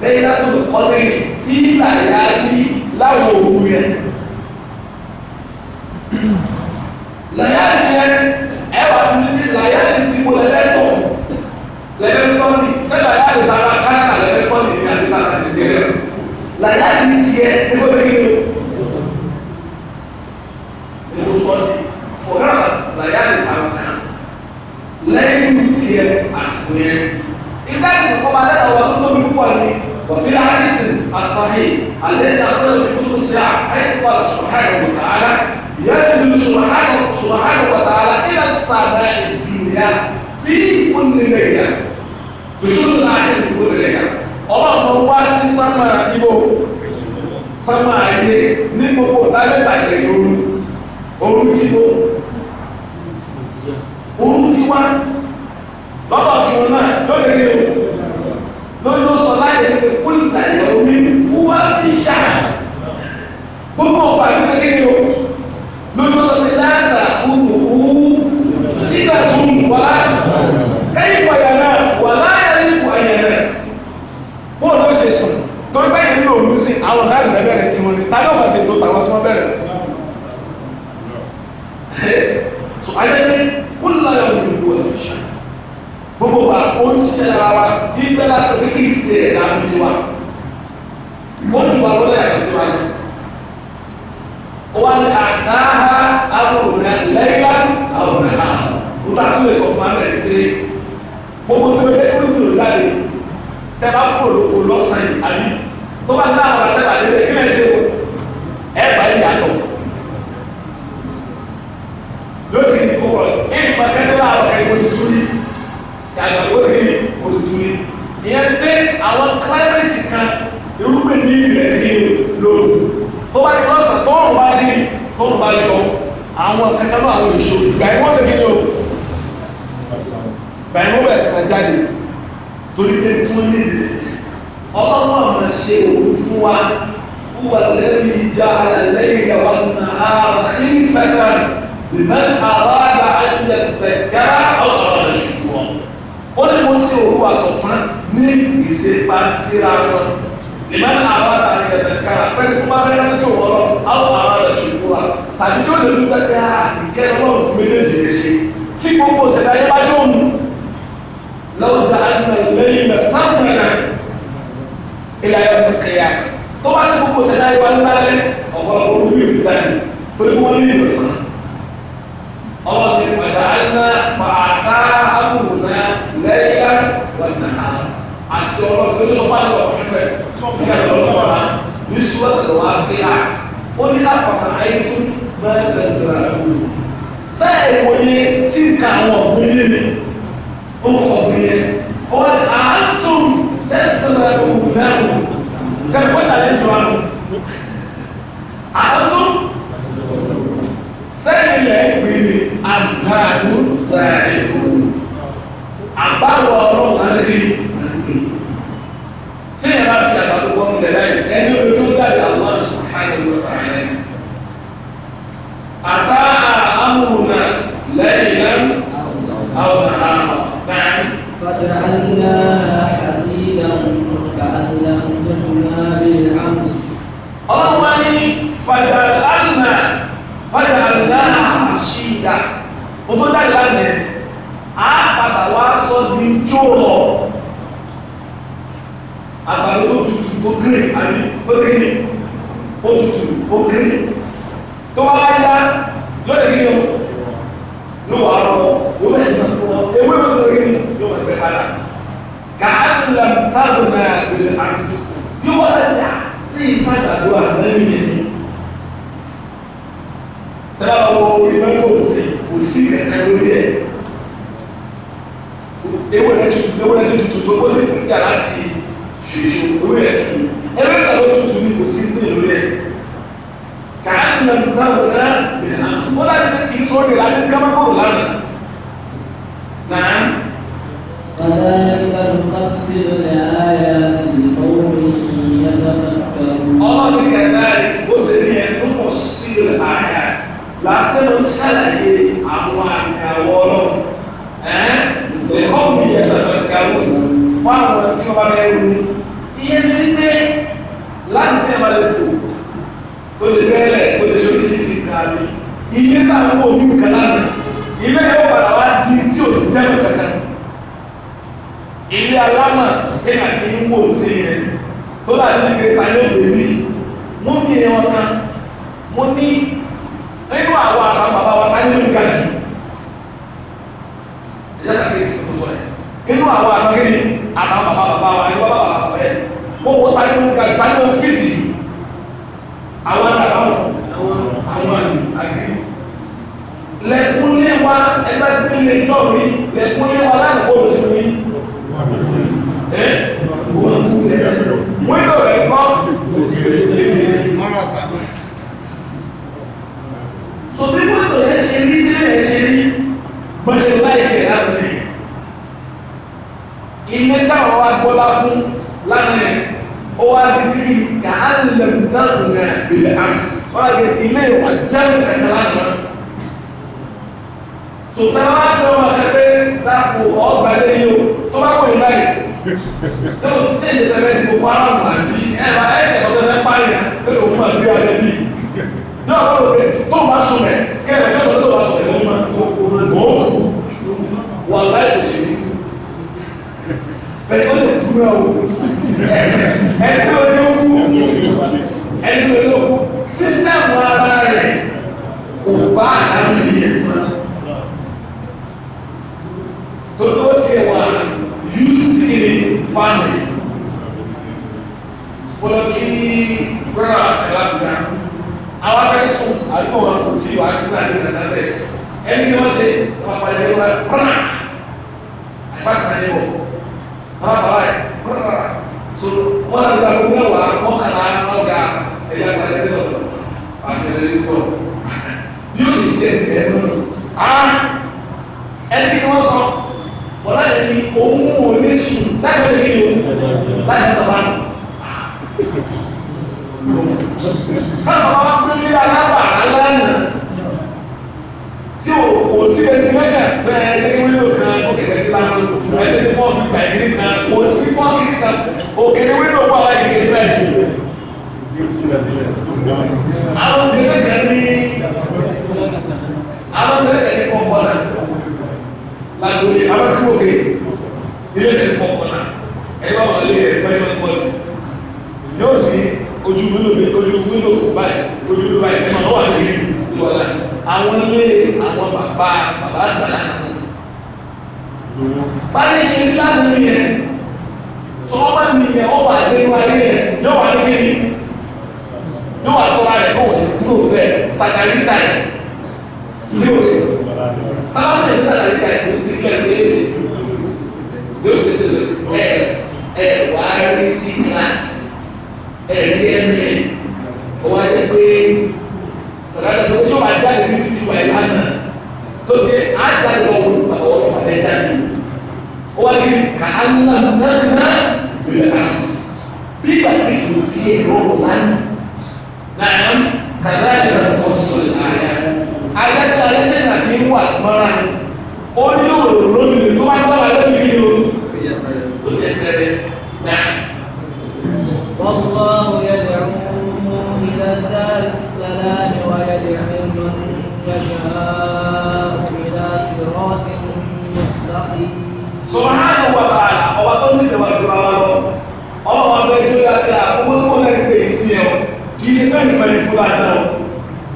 lẹ́yìn láti lè lẹ́yìn tí làyà rí láwọn òkú yẹn làyà rí yẹn ẹ wà níbi làyà rí ti wọ lẹ́tọ̀ lẹ́fẹ̀sọ́nì sẹ́lá yà rí tara kánà lẹ́fẹ̀sọ́nì ní àdìgbà nàìjíríà làyà rí tiẹ̀ ẹgbẹ́ bẹ́ẹ̀ yẹn lẹ́fẹ̀sọ́nì fọ̀rọ̀ làyà rí tara kánà lẹ́yìn tiẹ̀ àsìkò yẹn ìgbà ìdìbò kọ́ máa lẹ́nu ọ̀wọ́ tó tóbi púpọ̀ ni. وفي الحديث الصحيح الذي أخرجه في كتب الصيام حيث قال سبحانه وتعالى ينزل سبحانه سبحانه وتعالى إلى السماء الدنيا في كل ليلة في شمس الآخر في كل ليلة ọlọ́run wá sí sánmà ibo sánmà ayé ní gbogbo lábẹ́ta ìrìn òru òru tí ó òru tí lójú sọ láyé pé kólítà yẹ omi wúwá fi ṣá gbogbo ọ̀pá ti ṣe kéde o lójú sọ pé láàtà fúnù wú sígbà tún wà kẹ́yìn pàyà náà wà láyà ní pàyà náà bóun ló ṣe sùn tó ń bẹ́yìn ní òun sí àwọn ọ̀gá ìrẹ́ bẹ̀rẹ̀ tí wọ́n ní tá ló ṣètò tàwọn tí wọ́n bẹ̀rẹ̀ so ayé pé kólítà yẹ omi wúwá fi ṣá gbogbo wa ó ń ṣiṣẹ́ lára wa ìgbẹ́ láti ọ̀gbẹ́ kì í ṣe ẹ̀dá mi ti wa wọ́n ju wa lọ́dọ̀ yàtọ̀ sí wa ni wọ́n ní àdáhà àwòrán lẹ́yìnlá àwòrán ha ó bá tún lè sọ fún wa lẹ́yìn pé gbogbo tí wọ́n yẹ kó lóbi òun jáde tẹ́ bá kó olóko lọ́sàn yìí àbí tó bá ní àwọn àtẹ́bà nílẹ̀ kí lè ṣe o ẹ̀ bá yìí yàtọ̀ lókè ní kókò ẹ̀ ń pàtẹ́kọ́ àwọn ẹ̀kọ́ tuntun yìí yàtọ̀ lórí òtútù ni ìyẹn pé àwọn climate kan irúgbìn ní ilẹ̀ ní lóru tó bá yọ ọ̀sán tó ń bá dé tó ń bá yọ àwọn kankan náà àwọn èso ìgbà yẹn wọ́n sì kíni o ìgbà yẹn wọ́n bẹ̀rẹ̀ sí máa jáde torí pé tí wọ́n ní ilẹ̀ ọlọ́run àmọ̀ ṣe òun fún wa wúwa lẹ́yìn ìjà lẹ́yìn ìyàwó àná àrà kí fẹ́ kan lè mẹ́ta bá dà á ń yẹ wọ́n ní mo ṣe òru àtọ̀sán ní ìṣèpá síra wọn ìmáà náà àwọn àtàrí ẹ̀dẹ̀ kára pẹ̀lú tó bá bẹ́ẹ̀ rántí òwò lọ àwọn àwọn àrẹ ṣubú wa tàbí tí ó lè dúpẹ́ pé a ah, ìjẹ́ ọlọ́run fún méjèèjì lè ṣe tí gbogbo ṣẹ̀dá yẹn bá jó mu lọ́wọ́ jẹ́ àdúrà lẹ́yìn náà sáwọn náà ilẹ̀ ayọ̀ kẹ̀yà tó bá ṣe gbogbo ṣẹ̀dá yẹn bá ń lálẹ́ ọ̀pọ̀lọpọ̀ olú ìlú dání lẹ́yìnlá wọ́n nà á àti ọ̀rọ̀ lórí ọ̀pá ní ọ̀pẹ́ nígbà tí ọ̀rọ̀ wà ní sùwọ́n ti wà á dé à ó ní àfàkà ayé tó máa ń tẹ̀síra lóru sẹ́ẹ̀ wòye sí nǹkan àwọn ọ̀gbìn yìí ni ó ń kọ̀ bí yẹn ó wà ní àátùm tẹ̀síra lóru náà sẹ́ẹ̀ pọ́tà lẹ́jọ́ àná àátùm sẹ́ẹ̀ ilẹ̀ gbìn àgbà ló sẹ́ẹ̀ lóru àgbàwọ ọlọ́run náà ti gbé tí ẹ bá fi àgbàdo wọn mú lẹ́la yìí ẹni orí tó dàbí àwọn àṣàkáyọ ló ta ẹ àtà àmúrù náà lẹ́yìn náà àwọn àmọ náà. فجعلناها حسيدا كأن لم تكن بالأمس. الله فجعلنا فجعلناها حسيدا. وتدعي لنا á padà wá sọ di tó rọ̀ àgbàdo tó tutù tó gírè àbí tó gírè ó tutù ó gírè tó wá yá lóde gírè o ló wà rọ ló bẹ sàn fún ọ ewé bó sọ gírè ló wà gbẹ padà kàá lọ tábù náà lè àmì yóò wá lẹ́yìn sí ìsàgbàdo àgbẹ̀rẹ̀ yẹn tẹ́lá wo ìmọ̀ ìwọ̀n sí kò sí ẹ̀ka lórí ẹ̀ ewé rẹ̀ tutù ewé rẹ̀ tutù tó ó ti kú nígbà láti ṣoṣo ewé rẹ̀ tutù ewé kan ló tutù ní kò sí ní ìlú rẹ̀ kàá nà ń táwọn náà bẹ̀rẹ̀ náà ó láti kì í sọ ọ́ nílá ní kámákòrò lánàá náà. Kàdáyà ń fásitì rẹ̀ ayà ti ìbọ̀wé ìyàtọ̀ Ọlọ́run kẹ̀dáyà ó sì ní ẹ̀ ń fọ̀ sí ayà lásìkò ń ṣàlàyé àwọn àmì àwọ̀ lẹ́kọ́ mi yẹ lọ́sọ̀ káró fún àwọn tí wọ́n bá fẹ́ ronú iye ní wípé láti tẹ́ bá lè fò tó lè bẹ́ẹ̀lẹ̀ tó lè sórí sí ti kà mí ilé náà wọ́n ojú kan lánàá ilé yẹn wọ́n padà wá di tí ò tẹ́ mọ̀ kankan ilé alámà tẹ́lá ti ń wò sí yẹn tó bá ní ibi ta ní òbí ìdájọ́ kìí sí gbogbo rẹ̀ nínú àwọn àtọ́kìnì àbá bàbá bàbá wa ẹ̀rọ bàbá bàbá ẹ̀ mo wò tani mo ga tani mo fìtì àwọn àgbà wọn àwọn àmì àgbẹ̀ lẹ́kúnlé wa ẹgbẹ́ gbélé jọ̀ mi lẹ́kúnlé wa láti kó o mi ẹ̀ wọ́n lò rẹ̀ kọ́ so bí wọ́n lò rẹ̀ ṣe rí bí rẹ̀ ṣe rí bọ́sẹ̀ báyìí kẹ̀ náà ilé táwọn wá gbọ́lá fún lánàá ó wá di bí kà á lè dáhùn náà ilé àmì wọ́n á gbé ilé ìwà jẹun ẹ̀ka lánàá. sòtá wá gbọ́ wọn kẹ́kẹ́ dáko ọgbà lé yìí o tó bá wọ̀ ìgbà yìí. lọ́wọ́ ṣé ìdè tẹ́lẹ̀ ní gbogbo ara wà bí ẹ bá ẹ ṣe ọ̀tọ̀ ẹ pààyàn pé òun máa gbé ara bí. náà wọ́n rò pé tó bá sùn mẹ́ kẹ́rẹ̀ẹ́ tó bá sùn mẹ́ wọ́n máa kó wọ́n wà láì kò sí ní bẹ́ẹ̀ ó lè túmọ̀ o ẹni tó ló kú ẹni tó ló kú sísẹ́mù ara rẹ̀ kò bá àdáwọ̀ yẹn mọ́ tó ló tiẹ̀ wá yúsìrì fámìlì fọlọ́kì rárá àtàlàbíà àwọn akẹ́kọ̀ọ́ sùn àdúgbò wọn kò tí wàá sí àdúgbò nàdá bẹ́ẹ̀ ẹni ni wọ́n ṣe wọ́n fà lẹ́yìn wọn rárá àgbàsàn lẹ́yìn wọn mọ́tàlá yẹ mọ́tàlá so wọ́n á gba gbogbo ẹ̀wà mọ́kànlá ọ̀gá ẹ̀yà gbàdé tó àtẹ̀lẹ́ tó yóò sì ṣe ẹ̀ lọ́nà á ẹni kí wọ́n sọ wọ́n láti fi òun ò ní sùn láti ṣe kí ni o láti tọ́ bá káwọn bá fún mi alábà alánà tí o kò sí ẹtí mẹ́sà bẹ́ẹ̀ ní wíwò kan ókè san ẹsẹ̀ tí wọ́n fi gbà yìí ní kan kò sí wọ́n fi kan òkè ni wíńdò wà láyé kékeré báyìí. àwọn ìdílé kan ní àwọn ìdílé kan ní fọ́nkọ́ náà ládùúgbò àwọn kí wọ́n ké ìdílé kan ní fọ́nkọ́ náà ẹ bá wà lé ẹ̀ pẹ́sẹ̀ bọ́ọ̀lù yóò ní ojú wíńdò ní ojú wíńdò báyìí ojú wíńdò báyìí ẹ̀ máa wà ní ìlú ọ̀la àwọn ilé àwọn bàbá bàbá àgbàlá náà báyìí ṣe ń dá nínú yẹn sọ́wọ́n bá mi yẹn wọ́n wà nínú ayé yẹn yóò wà nínú yẹn yóò wà sọ́ra rẹ̀ yóò wọlé kúrò bẹ́ẹ̀ sàkàlítà yẹn ilé òde báwo ni sàkàlítà yẹn ló sì kẹ́ ló yẹ sí yóò sì tẹ̀lé ẹ ẹ wà á rí sí kíláàsì ẹ rí ẹ̀mí ẹ̀ wọ́n á yẹ pé sàkàlítà yẹn ló tó wà jáde ní títí wà ìlànà tó ti á jáde lọ́wọ́ àwọn ọlọ́pàá lẹ́jáde. هو تعلم زادنا بالعكس بما بفوتيه رومان نعم كذلك تخصص الآيات آيات الآيات التي هو مرة قولي وروني طبعا طبعا لا بيجيو نعم والله يدعو إلى دار السلام ويدعو من يشاء إلى صراط مستقيم sọ̀hánù wàtà ọba tó ní ìjọba ìjọba wa lọ ọmọ wọn fẹ́ jó dáadáa owó tí wọ́n lẹ́nu pè é sí ẹ kì í ṣe bẹ́ẹ̀ nìfẹ́ ní fúlà náà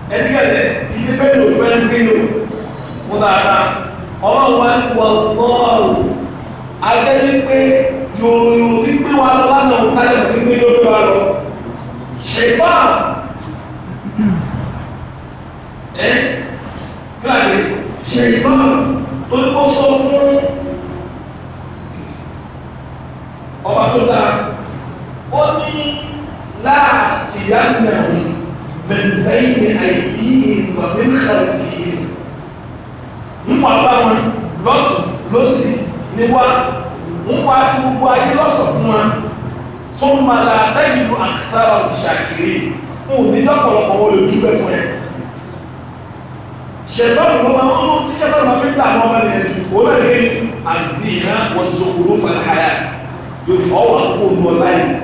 ẹ ti kẹ́lẹ̀ kì í ṣe bẹ́ẹ̀ ní òfẹ́ ní kílò fúlà náà ọlọ́run wá ní wọn lọ́ọ̀rù ajẹ́ wípé yòòyò tí gbé wa lọ lánàá òkúta yẹn ti gbé lórí wa lọ ṣèpáà ẹ kíláàdì ṣèpáà tó kó sọ fún ọba tó dáa ó ní láti yá nàní bẹ̀rẹ̀ ní àìyí ìwà mẹ́kàlì yìí nípa báwọn lọ́tù lọ́sì níwá ń wá sí gbogbo ayé lọ́sọ̀ fún wa tó ń ma la dájú àkàtàrà òṣàkiri ń ò ní lọ́pọ̀lọpọ̀ wọn lè dúpẹ́ fún ẹ ṣẹ̀tọ́nù ló máa ń mú tí fi ń dà àwọn ọmọ ènìyàn jù òun náà ní àzìnà wọ̀ṣọ̀kùrú fàlàyàtì lójú ọwọ́ àpò ònú ọ̀la yìí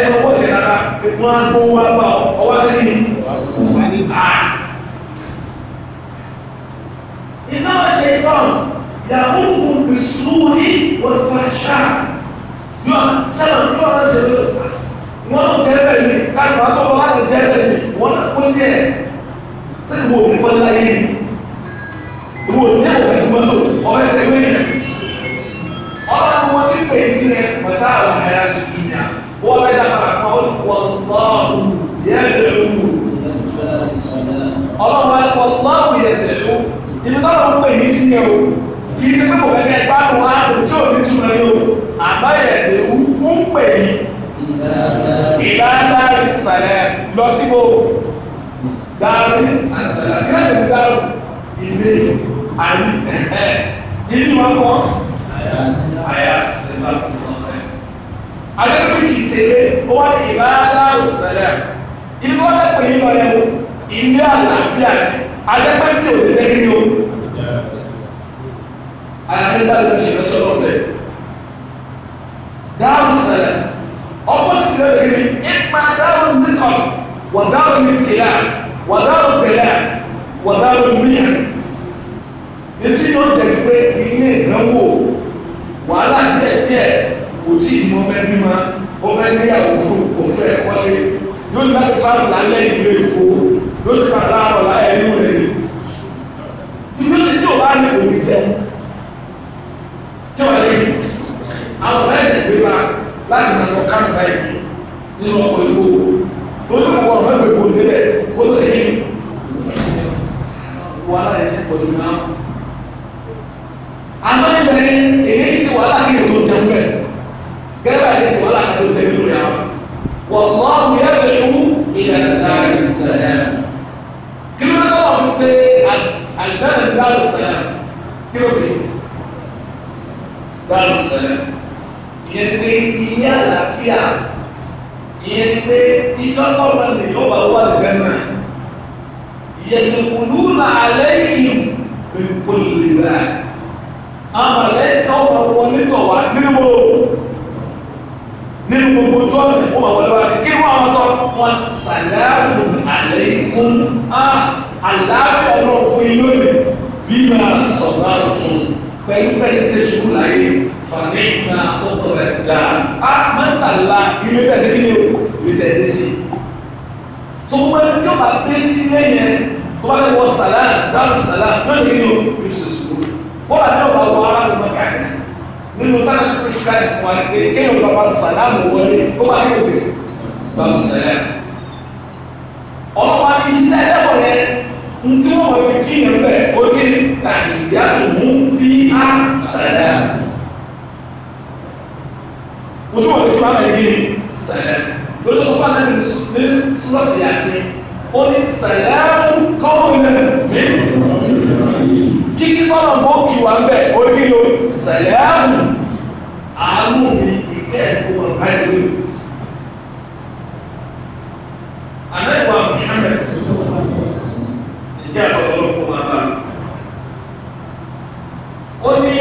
ẹnu wọ́n ti rárá wọ́n á gbówó wá bá ọwọ́ sí ni à. iná ṣe tán yàgò fún bisúwì wọ́n fa ṣá yọ sábà bí wọ́n ṣe lọ wọ́n jẹ́ bẹ́ẹ̀ ni káàkiri àtọ́wọ́ láti jẹ́ bẹ́ẹ̀ ni wọ́n náà kó sí ẹ̀ sẹ́ni wo òní kọ́lá yé ni wo òní ẹ̀wọ̀n ẹ̀gbọ́n tó ọ̀ẹ́sẹ̀ wẹ́yìn ọ̀rọ̀ àwọn ọmọ kẹ mọta àwọn àyà ti ìyà wọn bẹ dàgbà fáwọn wọlọọhù yẹdẹrù ọlọmọ wọlọọhù yẹdẹrù ibi tó lọ pé yìí sí yẹn o kì í ṣe pé kò kẹkẹ gbádùn wa kò tí ò ní túmọ̀ yẹn o àbáyẹdẹrù ń pè yìí ìlànà ìsàlẹ̀ lọ síbò dáàbò ìsàlẹ̀ kí á lè mú ilé ayé ilé wọn kọ́ ayat ẹ̀sà ọ̀fẹ́. Adébí kì í ṣe é, ó wá ní ìbáradá òṣèlè. Ibi wọ́n lè pè é lọ yẹn o, ilé àlàáfíà ni. Adébí tí ò ní fẹ́ kí ni o. Àyàfi bá lè ṣe lọ́sọ̀ lọ́fẹ̀. Dáhùn sẹ̀lẹ̀, ọkọ̀ sì lè pè é ipa dáhùn níkọ̀, wọ̀ dáhùn ní tìlá, wọ̀ dáhùn bẹ̀rẹ̀, wọ̀ dáhùn bíyà. Etí yóò jẹ́ pé ilé ìdánwò wàhálà díẹ̀díẹ̀ kò tí ì mọ fẹ́ bímọ ó fẹ́ níyàwó kò fẹ́ kọ́lé yóò ní láti fáwọn lálẹ́ ìlú èkó yóò sì máa láàárọ̀ láyé inú rẹ̀ inú sì tí ò bá ní òní jẹ tí wàá lè àwọn ẹsẹ̀ gbé wa láti máa lọ kánú báyìí nínú ọkọ̀ ìlú olùkọ́ ọ̀rọ̀ mẹ́gbẹ̀ẹ́ kò délẹ̀ kó tó lè yé wàhálà yẹn ti pọ̀ jù náà àmọ́ ìbẹ̀rẹ̀ èyí sì wàhálà kí ètò jẹun bẹ̀ gẹ́gẹ́ àti sì wàhálà kí ètò jẹun lórí àwọn wọ́n mọ́ ìyẹ́bẹ̀ ìwú ìdàgbà ìsẹ̀lẹ̀ kí ló dé wọ́n fi pé àgbẹ̀rẹ̀ ìdàgbà ìsẹ̀lẹ̀ kí ló fi ìdàgbà ìsẹ̀lẹ̀ ìyẹn pé ìyá àlàáfíà ìyẹn pé ìjọ́tọ̀ ni yóò bá wà jẹ́ náà yẹ̀dùkúlù nàálẹ́ yìí pẹ̀lú ìlera àmàlẹ́kà ọmọ wọn nítọ̀ wá nínú o nínú gbogbo ojú ọ̀nà ó máa wọlé wá kí wọ́n àwọn sọ wọn sàlámù àlẹ́kùn á àlàáfíà náà fún inú rẹ̀ bí máa sọ̀rọ̀ a mẹ́tàlá ilé tẹ̀sí kí o lè tẹ̀lé sí i tó gbogbo ẹni tí ó bá dé lẹ́yìn ẹ̀ tó bá lè wọ sàlámù dáhùn sàlámù náà kí ni o lè ṣe sùúrù bọ́ọ̀lù náà wà lọ́wọ́ aráàlú mọ́kà ní nínú táwọn tó ṣe láì fún wa ní pé kéèyàn bàbá sàlámù wọlé ó bá yóò bẹ̀ sàmù sẹ́lẹ̀. ọlọ́wà ní ilé ẹ̀kọ́ yẹn ń tí wọ́n wọ̀ fi kí yẹn bẹ̀ ó dé tàyíyàtò mú fi á sẹ̀lẹ̀. ojú wọ̀ fi máa bẹ̀ kí ni sẹ̀lẹ̀. lórí sọ́kà náà ní sọ́ọ̀sì yà ó ní sẹ̀lẹ̀ kọ́ọ̀lù mẹ́rin jíjí sọ́nà kó kì wá bẹ̀ ó ní lo sẹ̀lẹ́mù àánú mi ìkẹ́ ẹ̀kọ́ ọ̀gá ìlú. Àlẹ́wà Mohammed ìjẹ́ àtọ̀lọ́kọ̀ bàbá. Ó ní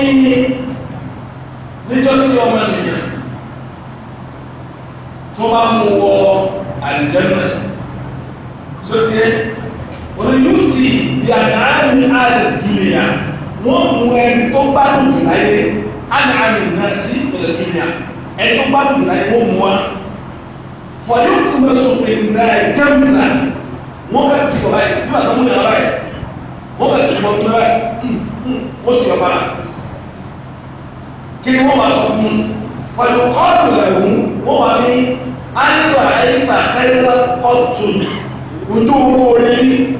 níjọ́ tí ọmọ ènìyàn tó bá mú wọ àlìjẹ́mẹ̀ tó ti yàtà ní àdùnìyà wọ́n mú ẹni tó gbádùn jù láyé ánàmì náà sí ìpìlẹ̀ jùlọ ẹni tó gbádùn jù láyé wọ́n mú wa fọyín kú bẹ sọfẹ nígbà yẹ kẹmísà wọ́n ká tì ọba yẹ nígbà tó mú yàrá yẹ wọ́n ká tì ọba yẹ wọ́n sì ọba kí ni wọ́n wá sọ fún fọyín kọ́ọ̀dù lẹ́hùn wọ́n wá ní ayélujára ayélujára kẹ́lẹ́lá ọ̀tún ojú owó orí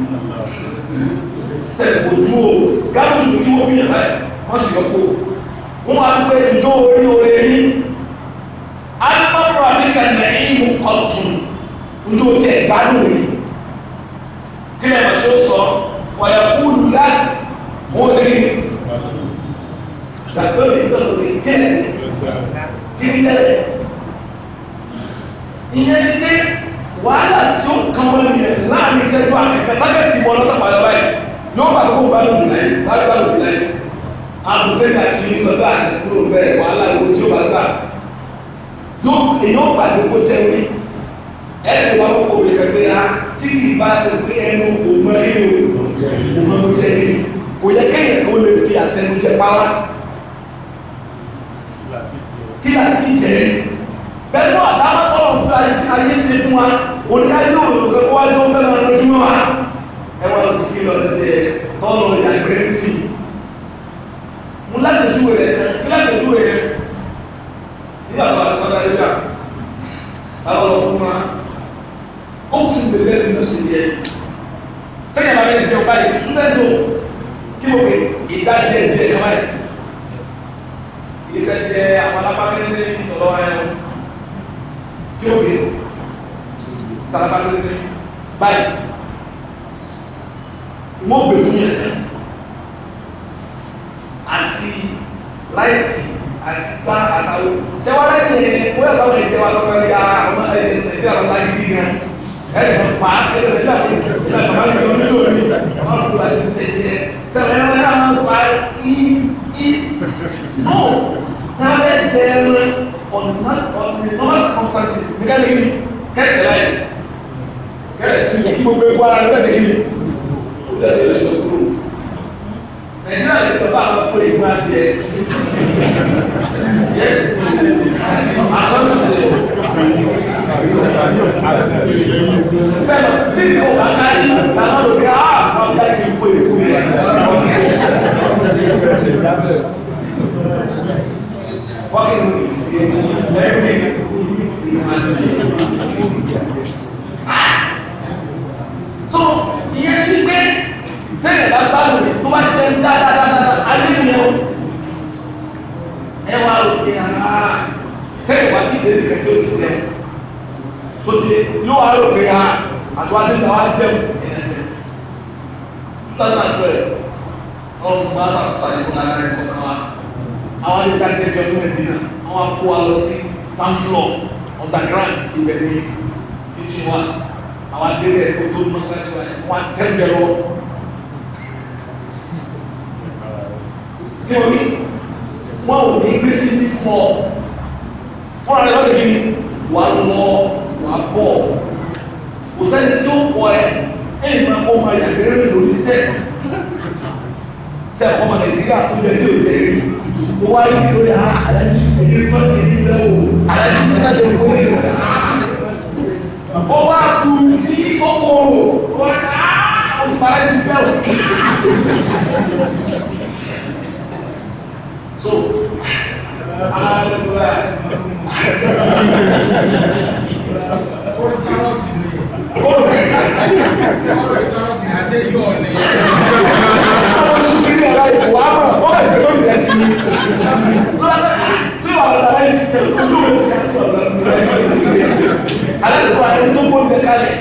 sẹ́yìn ojú o gáàsù kí wọ́n fi yàn báyìí wọ́n sì yọkó wọ́n máa gbé ijó orí orí ní alimọ́pọ̀ àdékà nàìjíríà mú ọ̀tún ijó tí ẹ̀ gbádùn rí kí lẹ́yìn àti ó sọ fọyàkú lá wọ́n ti rí gbàgbé mi gbàgbé mi kẹ́lẹ̀ kí ni kẹ́lẹ̀ ìyẹn ní pé wàhálà tí ó kàn wọ́n yẹn láàrin ìṣẹ́jú akẹ́kẹ́ lákàtí wọn lọ́tọ̀ pàdé báyìí yóò bá lóko bá lòdì láyé bá lóko bá lòdì láyé àbùté àti sọgbà àdúgbò bẹ́ẹ̀ wàhálà ìwé tí ó bá gbà yóò èyàn gbà lóko jẹ wí ẹni wà lóko wí kẹgbẹ́ ya ah, tí kì í bá ṣe pé ẹnu kò mọ ẹni o kò mọ ẹni jẹ ní kò yẹ kéèyàn kó lè fi àtẹnujẹ pàrọ̀ kí láti jẹ bẹ́ẹ̀ mọ àdámọtọ ọhún fún ayé ṣe fún wa oníkàyé òròkè kó wájú ó fẹ́ máa lójúmọ́ wa ẹ wá lọ kí lọ jẹ tọ́lọ̀ ìyàgbẹ́ sí i mo lágbèjú rẹ̀ kan kí lágbèjú rẹ̀ nígbà tó àti sọ́dá nígbà àwọn ọ̀fun máa ó ti bèbè nínú sí i yẹ tẹ́yà bá bẹ́ẹ̀ jẹ́ ọba yìí túbẹ́tò kí mo pè ìdájẹ́ ìdílé kan báyìí ìgbésẹ̀ jẹ́ àwọn alábàákẹ́ ní ìtọ́lọ́wọ́ ẹ̀ kí mo pè sàlábàákẹ́ ní báyìí wọ́n gbé fún yẹn kan àti láìsí àti bá àtàwọn sẹ́wọ́n láì ní ẹni wọ́n yà sáwọn ẹ̀jẹ̀ wa lọ́kọ́ ẹ̀ka àwọn ẹ̀jẹ̀ àwọn láì ní gan ẹ̀jẹ̀ kan pa ẹ̀jẹ̀ kan pa ẹ̀jẹ̀ kan pa ẹ̀jẹ̀ kan pa ẹ̀jẹ̀ kan pa ẹ̀jẹ̀ kan pa ẹ̀jẹ̀ kan pa ẹ̀jẹ̀ kan pa ẹ̀jẹ̀ kan pa on the normal circumstances nígbà lẹ́yìn kẹ́kẹ́ láì kẹ́kẹ́ sí ìgbìmọ̀ gbẹ́gbẹ́ ara lọ́dẹ̀ kìíní ó dàbí ẹ̀rọ ìlú kúrò. nàìjíríà lè sọ fún àwọn fún ìgbà tiẹ̀. yẹ́sì àtọ́jọ́sẹ̀ sẹ́nu tí kò bá kárí làwọn lò pé àwọn ọ̀gá kì í fún ìlú fifty one àwọn agbẹ́rẹ́ ẹ̀kọ́ tó mọ́ sẹ́sẹ́ wọn tẹ́jọ lọ. kí omi wọn ò ní gbé sí ní fún ọ fúnra rẹ lọ́sẹ̀ kí ni wàá lọ wàá bọ̀ kò sẹ́ni tí ó kọ ẹ ẹ̀yìn máa kọ́ ọmọ rẹ̀ àgbẹ̀rẹ́ lórí stẹ́ẹ̀ sẹ ọmọ nàìjíríà kó lè tí o rí mo wá rí lórí alájí ẹni tó ti rí lẹ́wọ̀ alájí tó bá jẹ kó lè wọ̀ náà ó wá kú tí ó kó o wá á ah, àwọn ìpàdé sí bẹ́ẹ̀ o. so alura ah, ìlà ìwà mọ̀ ó kà ìgbésẹ̀ òsì rẹ̀ sí ni. tí wàá lọ láì sí ojú rẹ̀ sí àti wàá lọ láì sí. aládùúgbò àti tó gbó ní kalẹ̀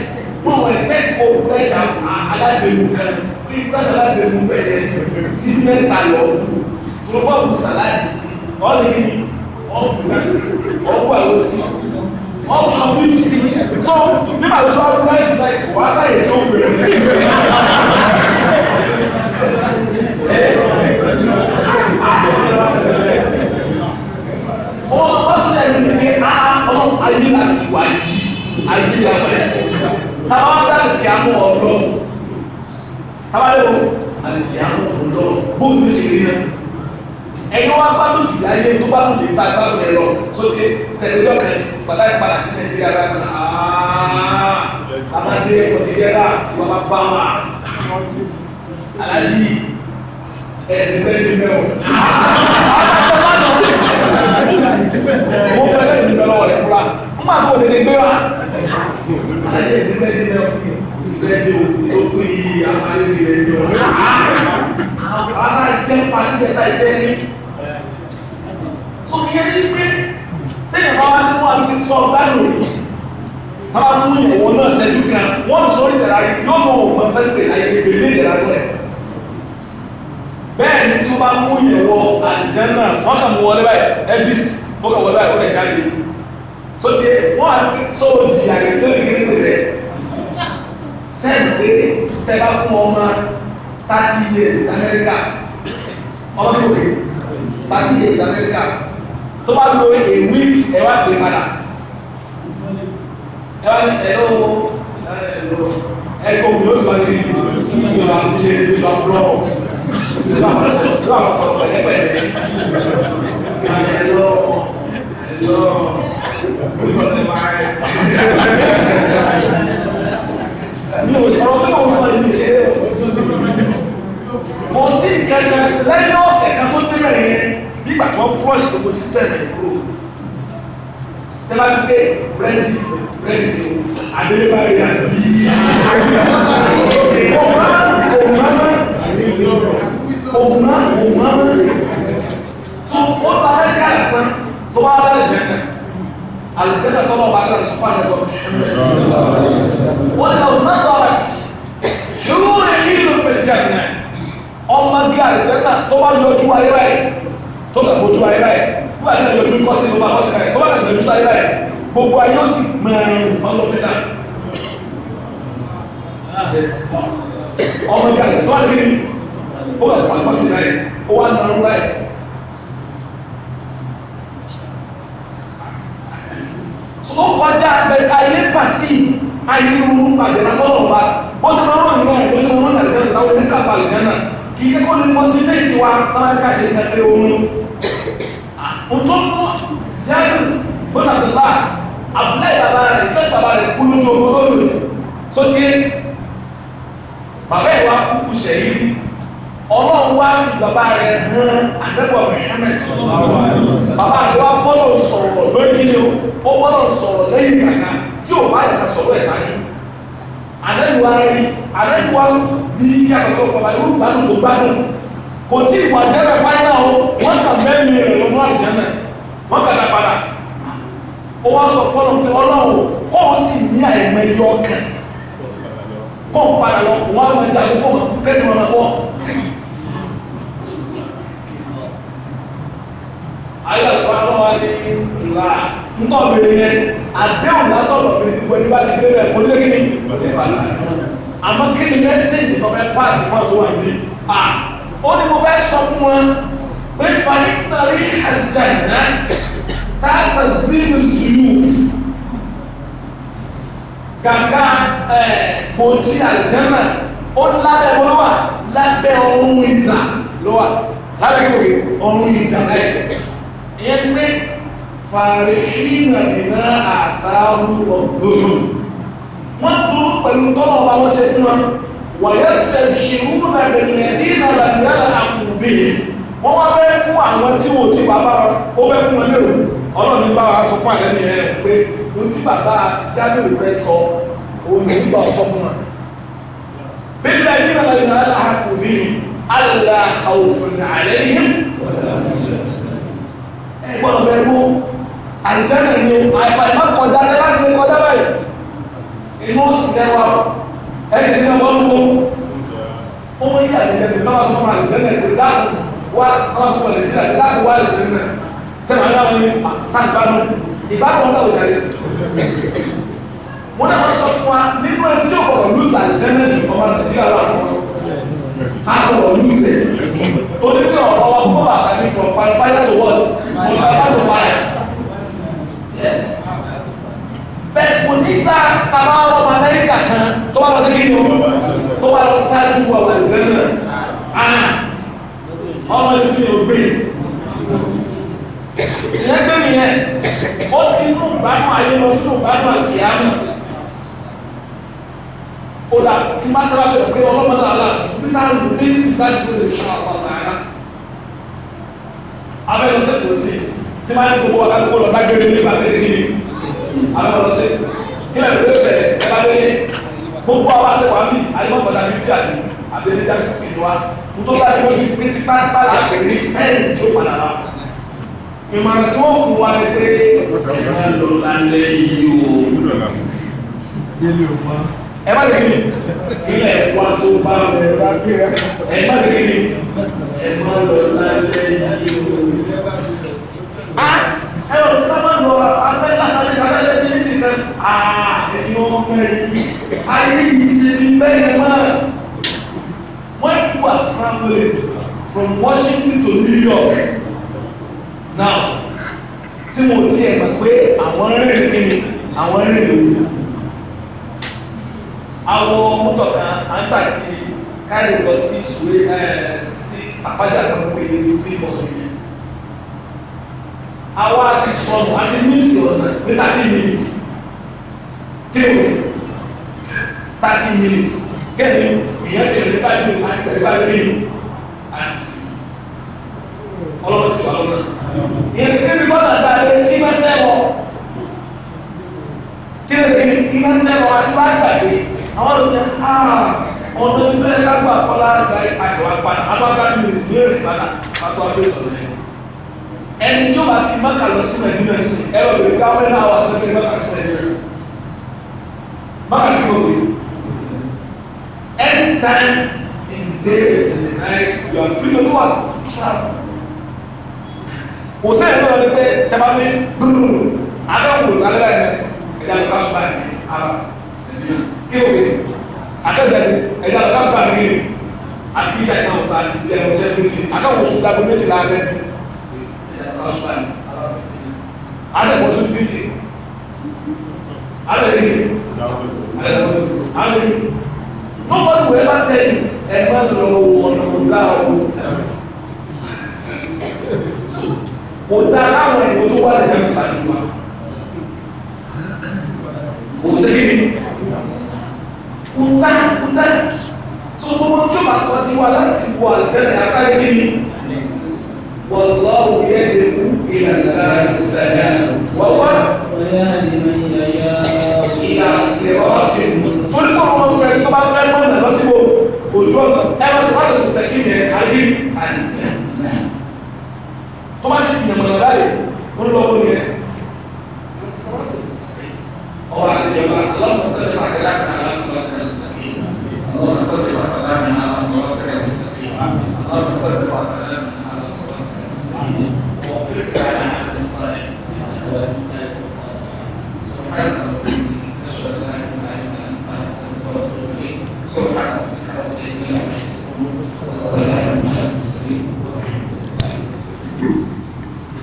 fún wọn sex for pressure aládùúgbò kan bí pressure aládùúgbò bẹ̀rẹ̀ sí mẹ́ta lọ tó bá wù sàláàdì sí ọ̀gbìn ọ̀gbìn àwọn sì wá jí ayé ìyàwó ẹ̀ táwọn bá lè kí amú ọ̀rọ̀ táwọn lè wò lè kí amú ọ̀rọ̀ bóòlù sì rí náà ẹni wọn bá lòdì láyé tó bá lòdì tá a bá lòdì lọ tó ṣe tẹlifíọ̀ kan bàtà ìpadà sí nàìjíríà rà nà áá amadé kọsíkẹ́rà tí wọ́n bá bá wà alájí ẹ̀ẹ́dẹ́gbẹ́ni mẹ́wọ̀. mo fẹ́ lẹ́yìn ìgbàlọ́wọ́ rẹ̀ kúrò má kó tètè gbé wa. aláṣẹ ìdílé ní ẹ ìsirẹ́jọ òkú yìí amáyé ìsirẹ́jọ. ara jẹ́ pàdé ẹ̀ta jẹ́ ní. sókè ẹni pé téèyàn bá wá ní wọn àti sọ gbádùn yìí máa mú ìwọ náà ṣẹ́jú kan wọ́n sọ ìdàrá yóò mọ òun fẹ́ pè láyé bẹ́ẹ̀ ni tí wọ́n bá mú ìyẹ̀wò àlìjẹ́ náà wọ́n kàn mú wọlé báyìí exist wọ́n kàn wọlé báyìí ó lè jáde tó ti ẹ̀ wọ́n á sọ òjì àgbẹ̀dọ́ ìkíni rẹ̀ sẹ́ẹ̀dì pé tẹ́lá fún ọmọ thirty years Amẹ́ríkà ọmọ tó wẹ̀ thirty years Amẹ́ríkà tó bá lo a week ẹ wá pè padà ẹ wá ẹ lọ́wọ́ ẹ lọ́wọ́ ẹ kò wúlò sọ ní ìlú àkúṣe ìlú àkúrọ̀ ìlú àkúṣe ìlú àkúṣe ọ̀pẹ̀lẹ́pẹ̀lẹ́ ẹ lọ́wọ́ mi ò sọ̀rọ̀ tí mo sọ ìlú ṣe é kò sí kankan lẹ́yìn ọ̀sẹ̀ kan tó dé bẹ̀rẹ̀ yẹn nígbà tí wọ́n flush gbogbo sísítẹ̀mù kúrò tẹ́lá ń gbé bírẹ́dì bírẹ́dì adélébárí àbí òmá òmá òmá òmá tó ó bá rẹ̀ tó bá bẹ̀rẹ̀ jẹ́ náà alìjẹ́nà tọ́lọ̀ bá dà sí pàdé bọ̀ wọ́n lọ mẹ́tọ́rẹ́s irú rẹ̀ ní ìlú fẹ̀jẹ̀ náà ọmọ bí alìjẹ́nà tó bá yọjú ayé báyìí tó bẹ̀ bójú ayé báyìí tó bá yọjú kọ́sí ló bá kọ́sí báyìí tó bá yọjú ayé báyìí gbogbo ayé ó sì mẹ́rin fọlọ́fẹ́ náà ọmọ bí alìjẹ́nà tó bá yọjú ayé báyìí ó bẹ̀ fọlọ́fẹ́ náà ó wà nínú ayé. ó kọjá bẹ̀rẹ̀ ayé pàṣí ayé wù àjọ̀nà lọ́wọ́ wa bó ṣe máa ń rọ̀ nígbà bó ṣe máa ń rọ̀ nígbà náà wọ́n ní kápá àlùjánà kì í yẹ kó ní kọ́ńtínẹ́ẹ̀tì wa táwọn ká ṣe tẹ̀lé oorun. òtún mú jáde gbọ́dọ̀ tó bá abúlé bàbá rẹ̀ fẹ́ bàbá rẹ̀ kú lójú ogun lóyún tó ti bàbá ìwà kúkú ṣẹ̀yìn ọlọ́run wá bàbá rẹ̀ hàn àdẹ́gbọ̀ Muhammad bàbá rẹ̀ wá bọ́lọ̀ sọ̀rọ̀ lórí kíni o ó bọ́lọ̀ sọ̀rọ̀ lẹ́yìn kàkà tí ò bá yẹ ká sọ̀rọ̀ ẹ̀ sáájú àdẹ́gbọ̀ ara rí àdẹ́gbọ̀ ara bí kí àkọ́kọ́ bàbá yóò gbádùn kó gbádùn kò tí ìwà jẹ́rẹ̀ fáyà o wọ́n kà mẹ́rin rẹ̀ lọ́nà àjẹ́mẹ̀ wọ́n kà dá padà ó wá sọ fọ́lọ́ pé ọlọ́run kó o sì ní àìmọye ọkàn kó o padà lọ wọ́n á máa jagun kó o máa kú kẹ́ni wọn ayélujára tó wá ní ìlà ńtọ́ bèrè yẹn àdéhùn látọ̀dọ̀ bèrè gbogbo ẹni bá ti dé bẹ́ẹ̀ kó lé kí ni àmọ́ kí ni mẹ́sẹ̀gì tó fẹ́ pàṣẹ fún àtúwà yìí à ó ní mo fẹ́ sọ fún wọn pé fani nàrí àjànà táàtà zinu zulu gàgà ẹ̀ bòtí àjànà ó lábẹ́ olówà lábẹ́ ọ̀run ìdà lówà lábẹ́ kí wòye ọ̀run ìdà láyé ìyẹn ni pé fàárí ìrìnàdìná àtàwọn ọ̀gbọ̀n wọ́n dúró pẹ̀lú tọ́lọ̀ ọba wọn ṣe fún wọn wọ̀nyẹ́ ṣèṣirú nàbẹ̀lẹ̀ nínú àlàyé àkùnbí wọ́n wá fẹ́ fún àwọn tí wọ́n ti bàbá wọn ó fẹ́ fún wọn lérò ọlọ́ọ̀ni bá wa sọ fún àlẹ́ni ẹ̀ pé ohun tí bàbá jáde ò sọ òun gbà sọ fún wọn. bíbélì àyè nínú àlàyé àkùnbí alẹ́ àkàwòfin àlẹ́ yìí gbọ́dọ̀ bẹ̀rù mú àìfẹ́rẹ̀ ni àìfàì má kọjá ẹ láti lè kọjá báyìí inú sì lẹ́wà ẹ sì ní ọgbọ́n mú ó mú yíyà lè lẹ́nu tọ́wọ́ sọ fún àìfẹ́rẹ̀ pé láti wá tọ́wọ́ sọ fún nàìjíríà pé láti wá lè ṣe mẹ́ sẹ́wọ̀n ní àwọn àtàgbánu ìbáwọn náà wò lẹ́yìn mo náà wọ́n sọ fún wa nínú ẹni tí ò gbọ́dọ̀ lùsà ìfẹ́rẹ̀ jù ọmọ nàìjíríà láàrín Àlọ́ lùsẹ̀. O ní pé ọ̀rọ̀ wa fún bàbá mi from fire to what? From fire to fire. Yes. Bẹ́ẹ̀ kò ní gbà tàbá ọmọ Amẹ́ríkà kan tó bá lọ sí kí ni o? Tó bá lọ ṣáájú wa wà lẹ́nu náà. Ah. Ọmọ ní ti o gbé. Ìyẹn gbé mi yẹn. Ó ti nù gbàmù ayé lọ sínú gbàmù àkìyámù ó dà tí má tẹ́lá bẹ̀rẹ̀ pé ọlọ́mọdé àlá bí tá a lò ní ìsìnká ìdúró lè sọ àwọn àgbà ara abẹ́lọ́sẹ̀ kò sí tí má ní gbogbo wa kákó lọ dágbére ní ìgbà tẹ́sí kiri abẹ́lọ́sẹ̀ kílẹ̀ ló sẹ̀ ẹ bá dé gbogbo àwọn àṣẹwà mi àdìmọ́kọ̀dá fífi àdì àbẹ̀lẹ́dá sísì wa nítorí àti wọ́n fi pé tí pátá láti rí ẹ̀rì tó padà wá ìmọ̀ràn tí wọ́n fún wa ni pé ẹ̀rọ lálẹ́ yìí o ẹ má segin ilẹ̀ wa tó bá wọ ẹ má segin ẹ má lọ lálẹ́ yìí o. a ẹ lọ ká má lọ abẹ́ lásàlẹ̀ lásàlẹ̀ sí ní ti kan a ẹ̀yin ọmọ yìí ayé yìí ṣe ní bẹ́ẹ̀ mọ́ when you are from Washington to New York now tí mo tiẹ̀ mọ̀ pé àwọn rìnrìn kí ni àwọn rìnrìn òwúrọ̀ àwọn mọ́tò kan àǹtà tí káyọ̀ lọ sí ìṣúwé sí sàpájà kan pé ní sí bọ́ọ̀sì yẹn. àwa ti sọnù àti mísì ọ̀nà ní thirty minutes kéwòn thirty minutes kéde ìyẹn ti rìn thirty minutes àti ìgbà kéwòn àṣìṣe ọlọ́run sì wà lọ́nà. ìyẹn kékeré bọ́ọ̀lù àgbà tí wọ́n tẹ́ wọ́n tí wọ́n tẹ́ wọ́n àti wọ́n àgbà àwọn ló ń jẹ ah, ọ̀nà ìgbẹ́ lágbà kọ́lá gba àṣewà padà àtúwájú àti mèrè tìmí rè padà àtúwájú ìsọ̀rọ̀ yẹn. ẹni tí ó bá ti mọ́kà lọ sí nàìjíríà sí ẹ lọ bèrè pé àwọn ẹ̀rọ àwọn sọ́kẹ́ mọ́kà sí nàìjíríà mọ́kà sí gbogbo any time in the day in the night you are free to go out travel. kò sẹ́yìn lọ́wọ́ ni pé tẹ́lá mi bírù àtẹ̀wò lálẹ́ láì ní ẹ̀dá ìbáṣọ́ báyìí ara kéwèé akẹ́sẹ̀ ẹ̀yà lásìkò àdìgẹ́ àti kíṣà ìnáwó àti jẹun sẹ́kìtì akáwọn oṣù dàgbọ́ méjìlá rẹ̀ ẹ̀yà lásìkò àdìgẹ́ asẹ̀kọ̀ tún títì alẹ́gẹ́ alẹ́gẹ́ nobody will ever tell you ẹ̀gbẹ́ lọ ọ̀nà ọ̀gá ọ̀hún kò dá láwọn ìbò tó wà lẹ́yìn àti sàdúrà kò sí kí ni kùtà kùtà tó gbogbo tí ó bá kọ́ di wa láti wọ àtẹ̀lẹ̀ àtàlẹ́ kí ni wàlláhu yẹ lè mú ìlànà ìsẹ̀lẹ̀ wọ́wọ́ ìlà sèrọ́ọ̀tì torí kọ́ ọmọ fẹ́ tó bá fẹ́ lọ́nà lọ́sibó ojú ọ̀nà ẹ bá sọ wájú sẹ́kì ní ẹ̀ka yìí àdìjẹ́ tó bá sì yànmọ̀nà láyé ó lọ́wọ́ yẹn sèrọ́ọ̀tì. هو عند الجماعة اللهم صل وسلم على صراطك المستقيمه اللهم صل وسلم على صراطك المستقيمه اللهم صل وسلم على صراطك المستقيم ووفقنا لعمل الصالح سبحانك اللهم اشهد ان لا اله الا انت استغفرك واتوب اليك ربك رب العزه عما يصفون والسلام على المرسلين والحمد لله